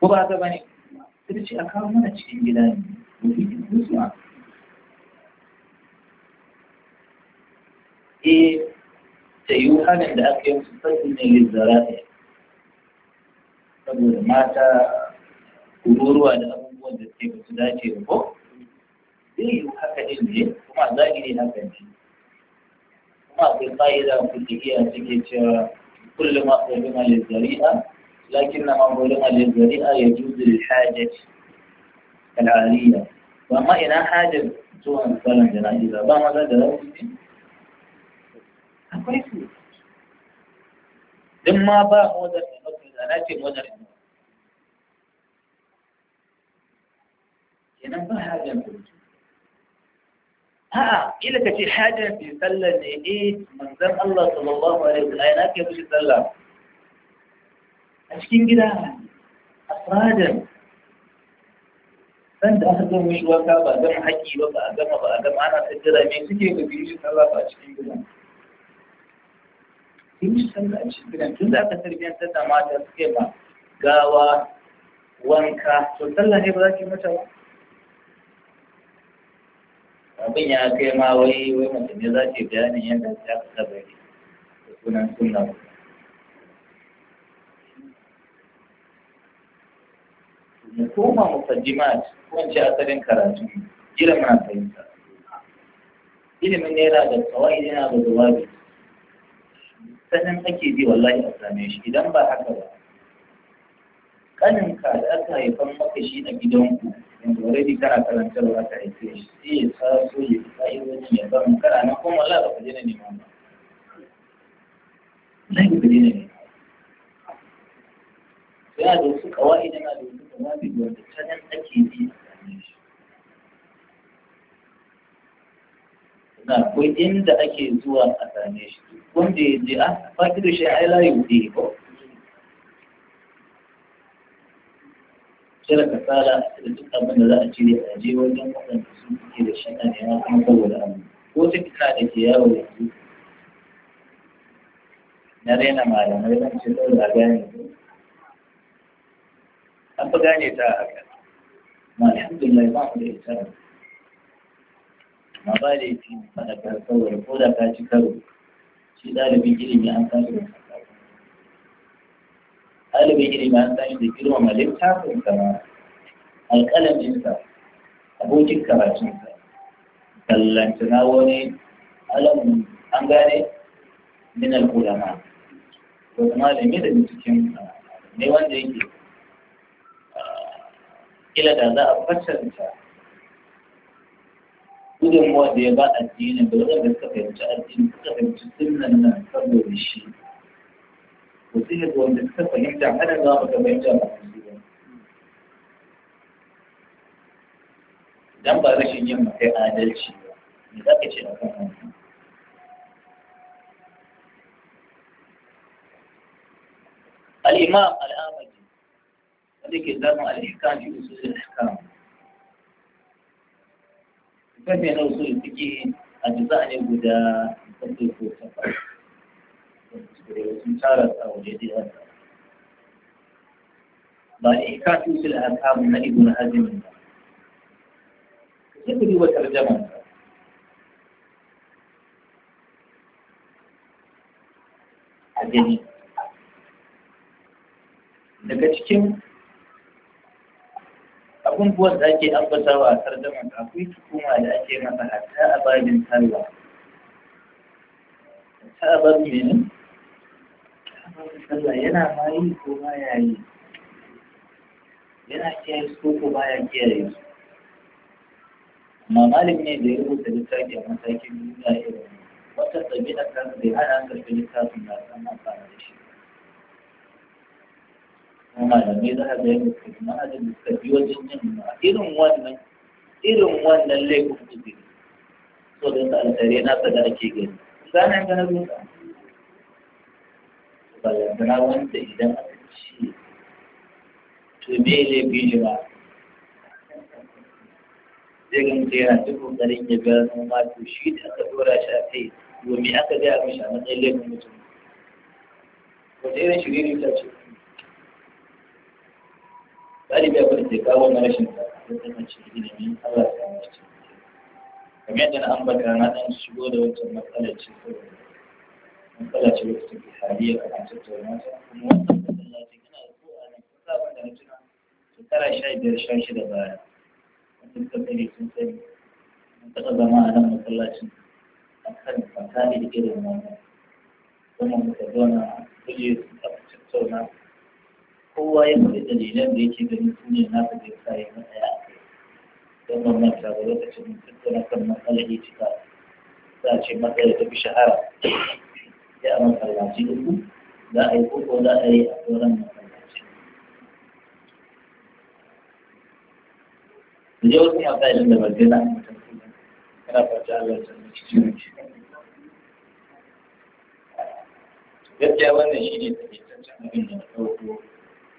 ko ba haka ba ne sai ce a kawo mana cikin gida ne eh ta yi hannun da aka yi musu fasi ne lizzara'i saboda mata kururuwa da abubuwan da ke ba su dace ba ko zai yi haka ɗin ne kuma zahiri haka ne kuma akwai fa'ida ku da iya cike cewa kullum ma ƙulima lizzari'a lakin na ma ƙulima lizzari'a ya juzu lil hajjaci العالية وما إلى حاجة تكون فعلا جنائزة بعض هذا دلوقتي لما باء مدر من حكم الأناتي مدر حاجة ها آه، إلى كتي حاجة في سلة إيه منظر الله صلى الله عليه وسلم أينات يبوش سلة أشكين كده أفراجة san da aka gama mishi waka ba a gama haƙi ba ba a gama ba a gama ana ta jira me suke ga biyu shi sallah ba a cikin gidan biyu shi sallah a cikin gidan tun da aka tarbiyyantar da mata suke ba gawa wanka to sallah ne ba za ki mata ba abin ya kai ma wai wai mace ne za ta yi bayanin yadda ta kasa bari da sunan sunan mu koma mukaddimat ko in ce asalin karatu ilimin na fahimta ilimin naira da tsawai yana da jawabi sanin ake bi wallahi a same shi idan ba haka ba kaninka da aka haifan maka shi a gidanku yanzu already kana karantarwa ka haife shi sai ya taso ya fi wani ya zama kana nan kuma wallahi ba ku je neman ba wallahi ba ku je na neman ba yana da wasu ƙawai yana da wasu jawabi wanda ta nan ake bi na akwai inda ake zuwa a same shi wanda ya je a ah, faƙi da shi ai layu ne ba cire kasala da duk abin da za a cire a je wajen waɗanda su suke da shi a nema kuma saboda abu ko ta kira da ke yawo yanzu na raina malamai zan ce saboda gane an fi gane ta a haka ma mai ba ku da ita ma ba da ita ne fa da karkawar ko da ka ci karo shi ɗalibin ilimi an kasu da ɗalibin ilimi an san da girmama littafin Alƙalan alƙalaminsa abokin karatunsa na wani alamun an gane min al-ulama to kuma da me da cikin eh, ne wanda yake kila da za a kwatanta gudunmuwa da ya ba addini da waɗanda suka fahimci addini suka fahimci sunan nan saboda shi ko sai ga wanda suka fahimta ana za mu ga fahimta ba su ba dan ba rashin yin kai adalci ba me za ka ce a kan wannan الإمام الآمدي ذيك دام الإحكام في أصول الأحكام فهم أن أصول الفقه أجزاء يبدا تطبيق الفقه وسنشارة أو جديدة بالإحكام في أصول الأحكام من ابن هزم يبدي وترجمة أجنبي daga cikin abubuwan da ake ambatawa a tarjama akwai tuhuma da ake masa hatta a babin sallah hatta a babin mene sallah yana ma yi ko ba ya yi yana kiyaye su ko ba ya kiyaye su amma malam ne da ya rubuta littafi a matakin duniya irin wata ɗabi'a ta da ya hana karɓi littafin da ta amfana da shi malamai za a zai yadda ma kuma da suka bi wajen yin irin wannan irin wannan laifin su bi so da ta alkare na ta da ake gani sanan ga Ba ya balantana wanda idan aka ci. to me laifin shi ba zai ga mutum yana duk kokarin ya biya noma to shi da aka dora shi a kai domin aka gaya mishi a matsayin laifin mutum wata irin shiriri ta ce galibi abin da ke kawo na rashin tsakanci ilimi Allah ya samu cikin kamar yadda na ambata na dan shigo da wancan matsalar ce matsala ce wata ke haliya a kan tattauna ta kuma wannan matsala ce yana da ko a nan kusa abin da na tuna shekara sha biyar sha shida baya wanda suka sani sun sani mun taɓa zama a nan masallacin a kan tsakani da irin wannan kuma muka zauna kuje a tattauna kowa ya faɗi dalilan da yake gani su ne na da zai sa ya matsaya a kai don ban manta da lokacin tattauna kan matsalar ya cika za a ce matsalar ta fi shahara ya a masallaci uku za a yi koko za a yi a sauran masallaci da je wasu yau sa'ilin da barbe na mutum kana farce Allah ta nufi cikin gaskiya wannan shi ne tsaye cancan abin da na ɗauko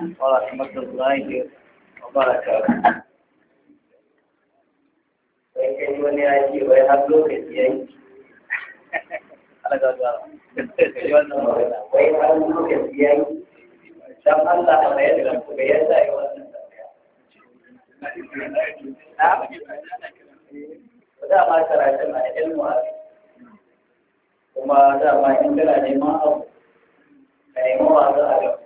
ورحمة الله وبركاته sai wani ya ce wai har lokaci ya yi wai har lokaci ya yi Allah a mayar da ku ya sa yi wannan da ma karatun a ilmu kuma da ma in kana neman abu ka nemi wasu a gaba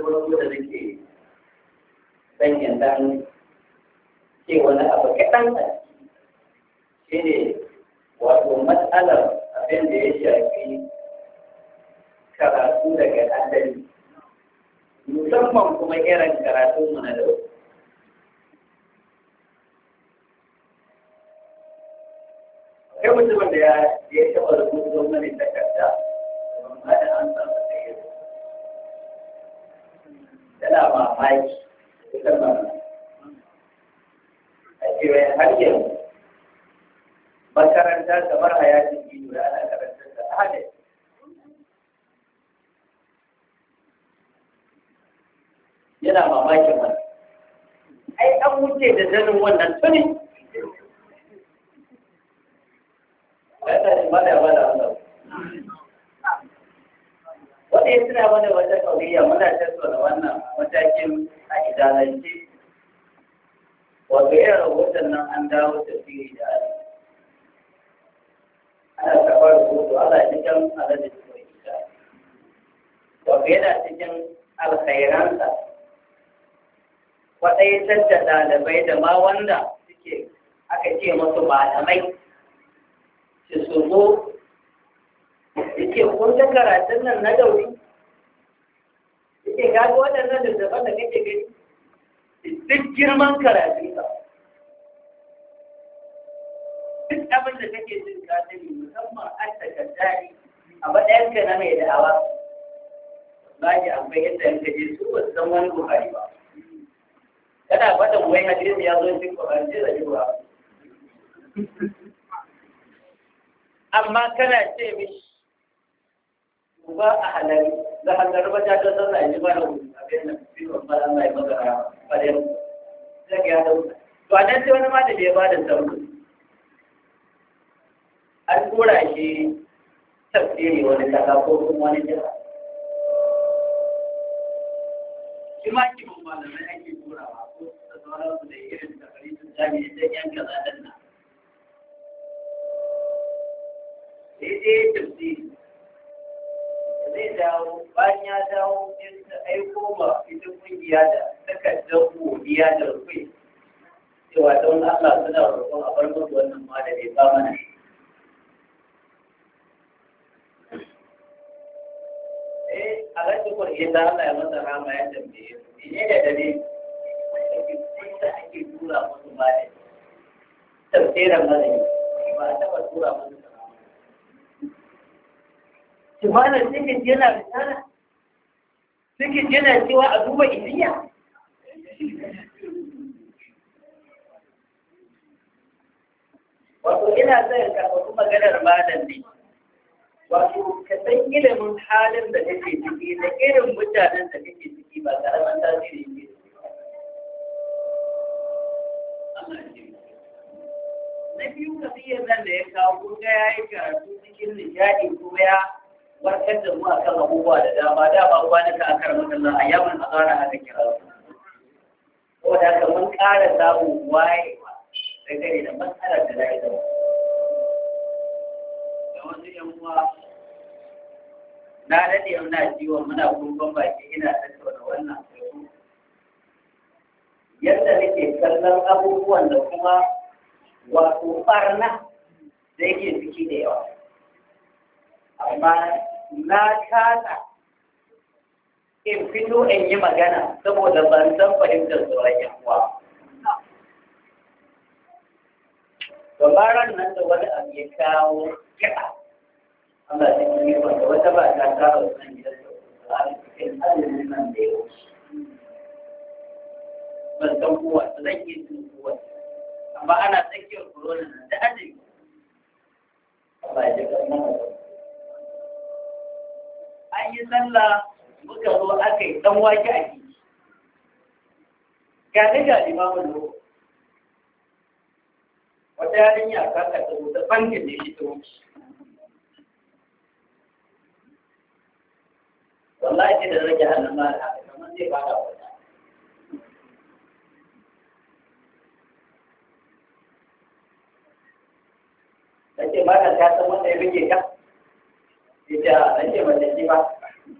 ta farko da nake sanya dan ce wani abu kaɗan a ne wato matsalar abin da ya shafi karatu daga asali musamman kuma irin karatun na da Kai mutumin da ya taɓa rubutu gwamnatin takarda, amma da an samu tana mamaki ita ba a cewa har yanzu makaranta kamar hayatin biyu da ana karantar da hadari yana mamakin wani ai an wuce da zanin wannan tuni kada ne bada bada Allah dai suna wani wata kauriya muna tattauna wannan matakin a idanance wato irin rahoton nan an dawo ta fiye da ala ana karɓar rahoto ala cikin alalin turkita wato yana cikin alkhairansa kwaɗaitar da ɗalibai da ma wanda suke aka ce masu ba su su zo ke kun ga karatun nan na dauri yake ga waɗannan nan da kake gani duk girman karatu ba duk abin da kake jin karatu musamman an takardari a matsayin ka na mai da'awa ba ki akwai yadda yanka je su ba san wani buhari ba kana faɗin wai hadisi ya zo cikin buhari sai da jiwa amma kana ce mishi kuma a halari da hangar ba ta ta sallah ji da wuri a bayan nan fi ban fara Allah ya maka rama zai ga da wuta to a nan sai wani ma da ya da sallah an kora shi tafsiri wani kaka ko kuma wani jira shi ma ki ya ke ake korawa ko da su da irin takarisun jami'in da yan kaza dan na. sai dai tafsiri zai dawo bayan ya dawo sai su aiko ma ita kungiya da dawo godiya da rufe cewa don Allah suna roƙon a bar wannan ma da bai ba mana eh a rashin kurkin da Allah ya masa rama ya tambaye su ne da dare kun da ake tura musu malami tafsirin malami ba a taɓa tura musu kimanin sikit yana risala sikit yana cewa a duba iliya wato ina zai karɓi maganar malam ne wato ka san ilimin halin da kake ciki da irin mutanen da kake ciki ba karamin tasiri ne na biyu ka biyan nan da ya kawo kun ga ya yi karatu cikin nishaɗi kuma ya warkar da mu akan abubuwa da dama dama ruwa na ka akar makalla a yaman a zara a kira ko da haka mun ƙara samun da dangane da matsalar da zai zama da wasu yan uwa na daɗe muna jiwa muna kumban baki ina tattauna wannan yadda nake kallon abubuwan da kuma wato ɓarna da yake amma na kasa in fito in yi magana saboda ban san fahimtar tsoron yankuwa. uwa gabaran nan da wani abu ya kawo kiɗa da ta yi wanda wata ba ta saba sunan gidan da a cikin azumin nan da ya wuce ban san kowa su zan yi su kowa amma ana tsakiyar nan da azumi Allah ya ji anh là kể an yi sallah muka zo aka yi dan wake a jiki ga ni ga limamin lo wata yarinya ta ka tsaro da bankin ne shi ta wuce wallahi da rage hannun ma da haka kamar zai bada wata nake ba ta san wanda ya rage ka ita nake ba đi ba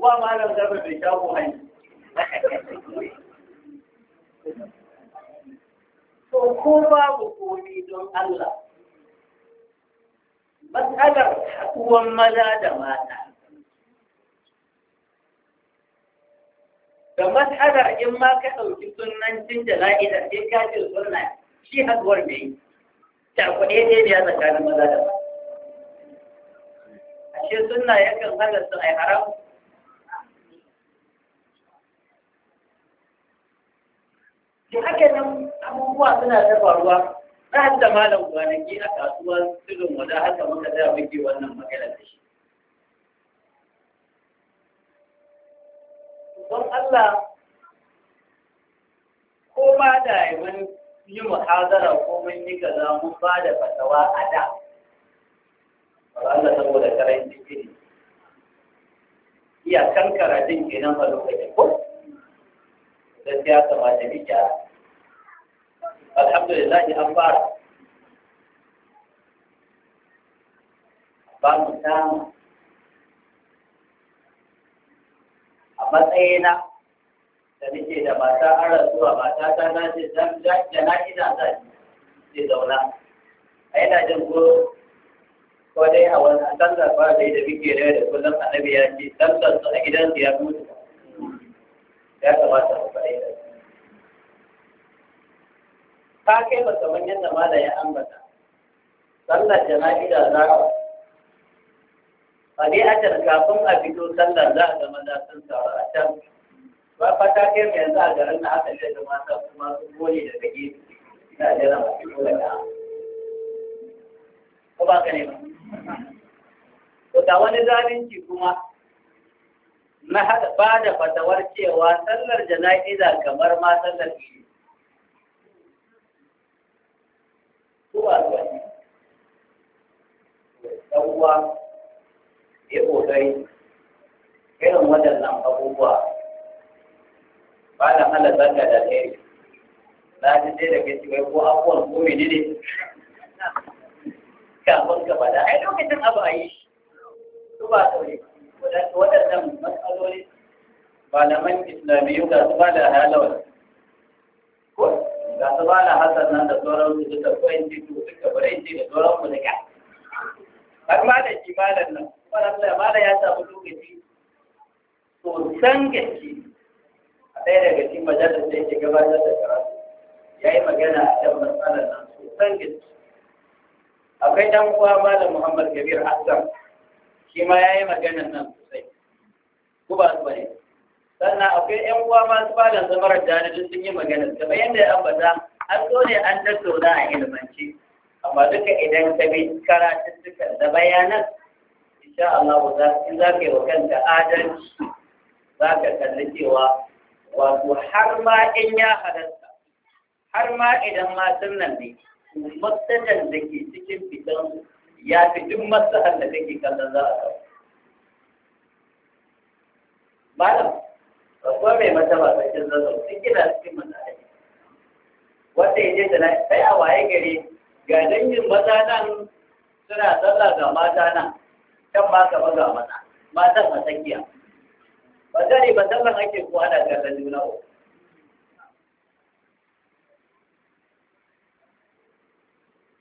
ba malam garba bai shago hai to ko babu komi don Allah matsalar haɗuwan maza da mata da matsalar in ma ka ɗauki sunancin jana'izar sai ka ce suna shi haɗuwar da yi ta kuɗe ɗaya tsakanin maza da mata ashe suna yakan halatta a yi haramu to haka nan abubuwa suna ta faruwa za da malam Gwanaki a kasuwa tudun wada haka muka da muke wannan magana da shi don Allah ko ba da mun yi muhazara ko mun yi kaza mun ba da fatawa a da Allah saboda karancin ilimi iyakan karatun kenan a lokacin ko gaskiya kamata miki alhamdulillah an fara ba mu samu a matsayina da nake da mata an rasuwa mata ta na ce zan jana'iza ta ce zauna a yana jin ko ko dai a wani a sallar fara da da muke da kullum annabi ya ce zan su a gidan su ya mutu ya kamata ka kai ba kamar yadda mala ya ambata sallar jana'ida za ka ba a can kafin a fito sallar za a ga maza sun taru a can ba fa ta kai mai yanzu a garin na aka ce da mata kuma sun gole daga gefe na jira a fito daga ko ba ka ne ba Ko ga wani zalunci kuma na ba da fatawar cewa sallar jana'iza kamar ma sallar idi zuwa ga ɗan'uwa ya ƙoƙari irin waɗannan abubuwa ba da hana zanga da ɗaya na ji ɗaya daga cikin ko abubuwan ko mene ne kafin gaba da ai lokacin abu a yi zuwa ɗaure waɗannan matsaloli malaman islamiyyu ga su ba da halawar ga su ba na hasan nan da sauran su duka kuranci su duka kuranci da sauran mu duka har ma da kimanin nan kuma na ma da ya samu lokaci sosan gaske a ɗaya daga cikin majalisar da yake gabatar da karatu ya yi magana a kan matsalar nan sosan gaske akwai ɗan uwa malam muhammad kabir hassan shi ma ya yi maganar nan sosai ko ba su bane sannan akwai ƴan uwa masu bada samarar da duk sun yi magana kamar yadda ya ambata an so ne an tattauna a ilmance amma duka idan ka bi karatuttukan da bayanan insha Allah za in za ka yi wa kanka adalci za ka kalli cewa wato har ma in ya halatta har ma idan matan nan ne matsalar da ke cikin fitan ya fi duk matsalar da kake kallon za a kawo. Malam, babban mai mataba sarkin zazzau sun gina cikin mutane wanda ya je da nan sai a waye gari ga dangin maza nan suna tsalla ga mata nan can ba gaba ga maza matan a tsakiya ba gari ba sallan ake ko ana kallon juna ba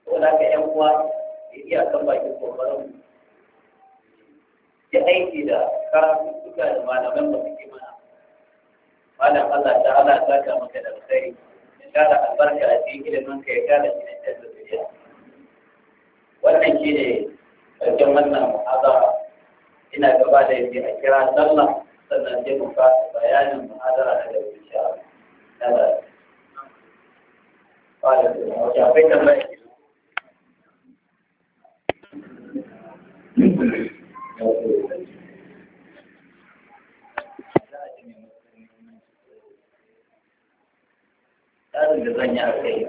ko da ka yan uwa ya iya kan bakin kokarin ya aiki da karatu suka da malaman ba su ke malam Allah ta Allah ta ka maka da alkhairi ya kara albarka a cikin ilimin ka ya kara cikin da duniya wannan shi ne ƙarshen wannan muhadara ina gaba da yake a kira sallah sannan sai mu fara bayanin muhadara daga insha Allah Thank you. tsarin da zan yi a kai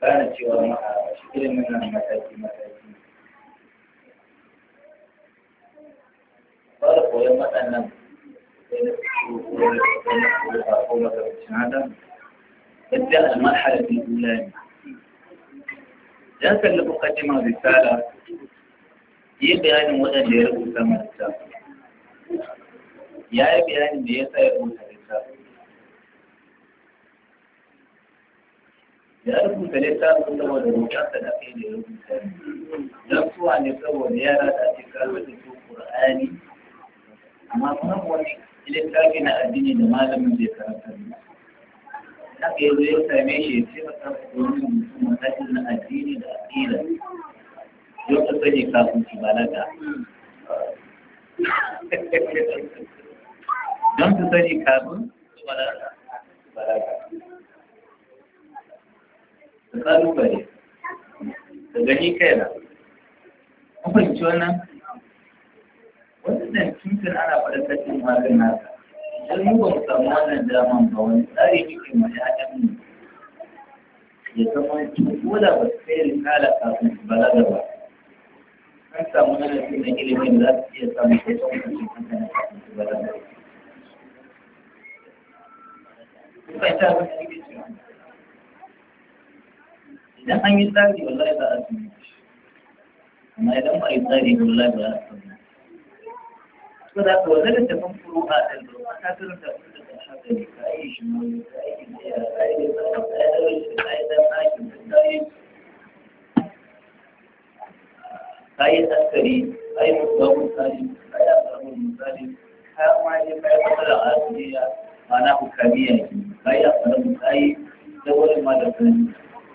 gane cewa ma a ilimin nan mataki mataki fara koyon waɗannan ko matsakaicin adam yadda almarhala bin ulani dan kalli mukaddima risala yi bayanin waɗanda ya rubuta mata ya yi bayanin da ya sa ya rubuta ya rubuta littafin saboda bukatar da kai da ya rubuta don ne saboda yara da ake karɓar da su ƙur'ani amma kuma wani littafi na addini da malamin zai karanta haka yanzu ya same shi ya taimaka wani mutum na addini da aƙida yau ka sani kafin ki balaga don sani kafin balaga ƙalubale da gani kaina an fahimci wannan wannan tuntun ana faɗakar cin magana nasa idan mu ba mu samu wannan daman ba wani tsari muke mu ya'yan mu ya zama ko da ba su kai rikala kafin su balaga ba an samu yanayi na ilimin da za su iya samun kwaton kwaton kwaton kafin su balaga. ba ta wasu idan an yi tsari wallahi za a sami amma idan ba a yi tsari wallahi ba a sami ko da ko da ta kun furu a dan ta tura ta kun da ta da ka yi shi mu ka yi da ya ka yi da ka yi da ka yi da ka yi da ka yi ka yi tsari ka yi musawu ka yi ka yi asabu misali ka ma yi ka yi matsala a duniya ma na hukamiya ka yi asabu ka yi da wani ma da kan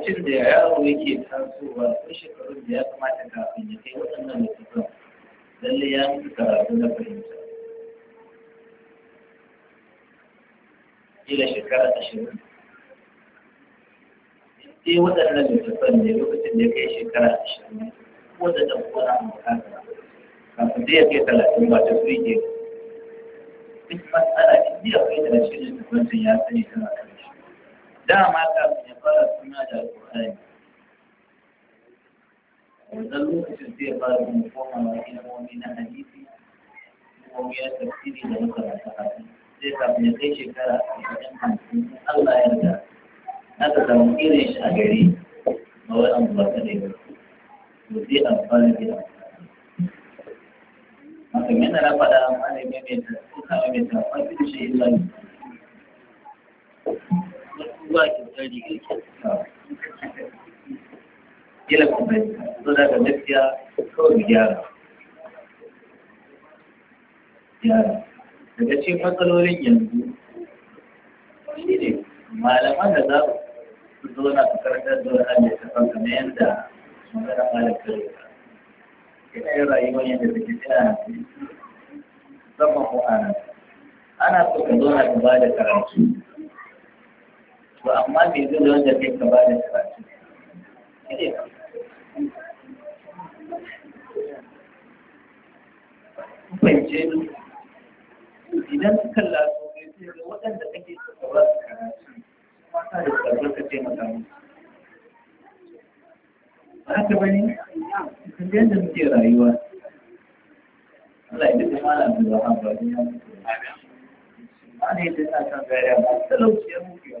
lokacin da yaro yake tasowa ko shekarun da ya kamata kafin ya kai waɗannan littattafan lalle ya mutu karatu na fahimta kila shekara ashirin sai waɗannan littattafan ne lokacin da ya kai shekara ashirin ko da ɗan uwa a makasa kafin da ya kai talatin ba ta su yake duk matsala in biya kai da cikin littattafan ya sani tana kai dama kafin ya fara suna da alƙur'ani wannan lokacin sai ya fara kuma koma wa ilmomi na hadisi ilmomi na tafsiri da makaranta hadisi sai kafin ya kai shekara arba'in Allah ya yarda aka samu irin shi a gari ba wai an ba ta ne ba to sai amfani da haka yana na faɗa amfani da mai mai tafiya shi illa ne zuwa kyautar rigar kyau kila kuma zo daga lafiya kawai gyara gyara daga cikin matsalolin yanzu shi ne malaman da za su zo na su karantar da wani da ta fanka na yadda magana malam kare ka ina yin rayuwar yadda take tana musamman ko ana ana so ka zo na ba da karatu to amma bai zo da wanda kai ka ba da karatu fahimce ni idan su kalla su ne sai ga waɗanda kake ka ba su karatu mata da tsaro ka taimaka musu ba haka ba ne kan yadda muke rayuwa Allah ya duka mana da wahala ba ne ya mutu ba ne da sa kan gari ba talauciyar mutuwa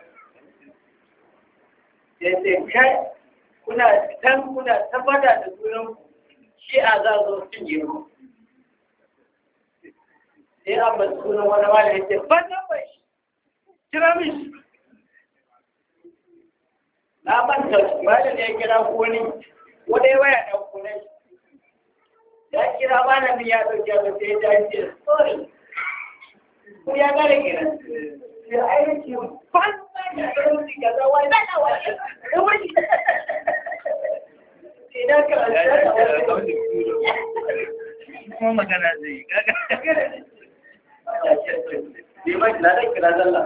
ya ce kai kuna can kuna tabbata da sunan shi a za zo cin yi ku sai an ba sunan wani wani ya ce ban nan bai kira mishi na ban ta ba da ya kira ko ni wani waya da kunai ya kira ba na ya dauke ba sai ya ce sorry ko ya gare kira ya aiki ban kuma magana zai zalla.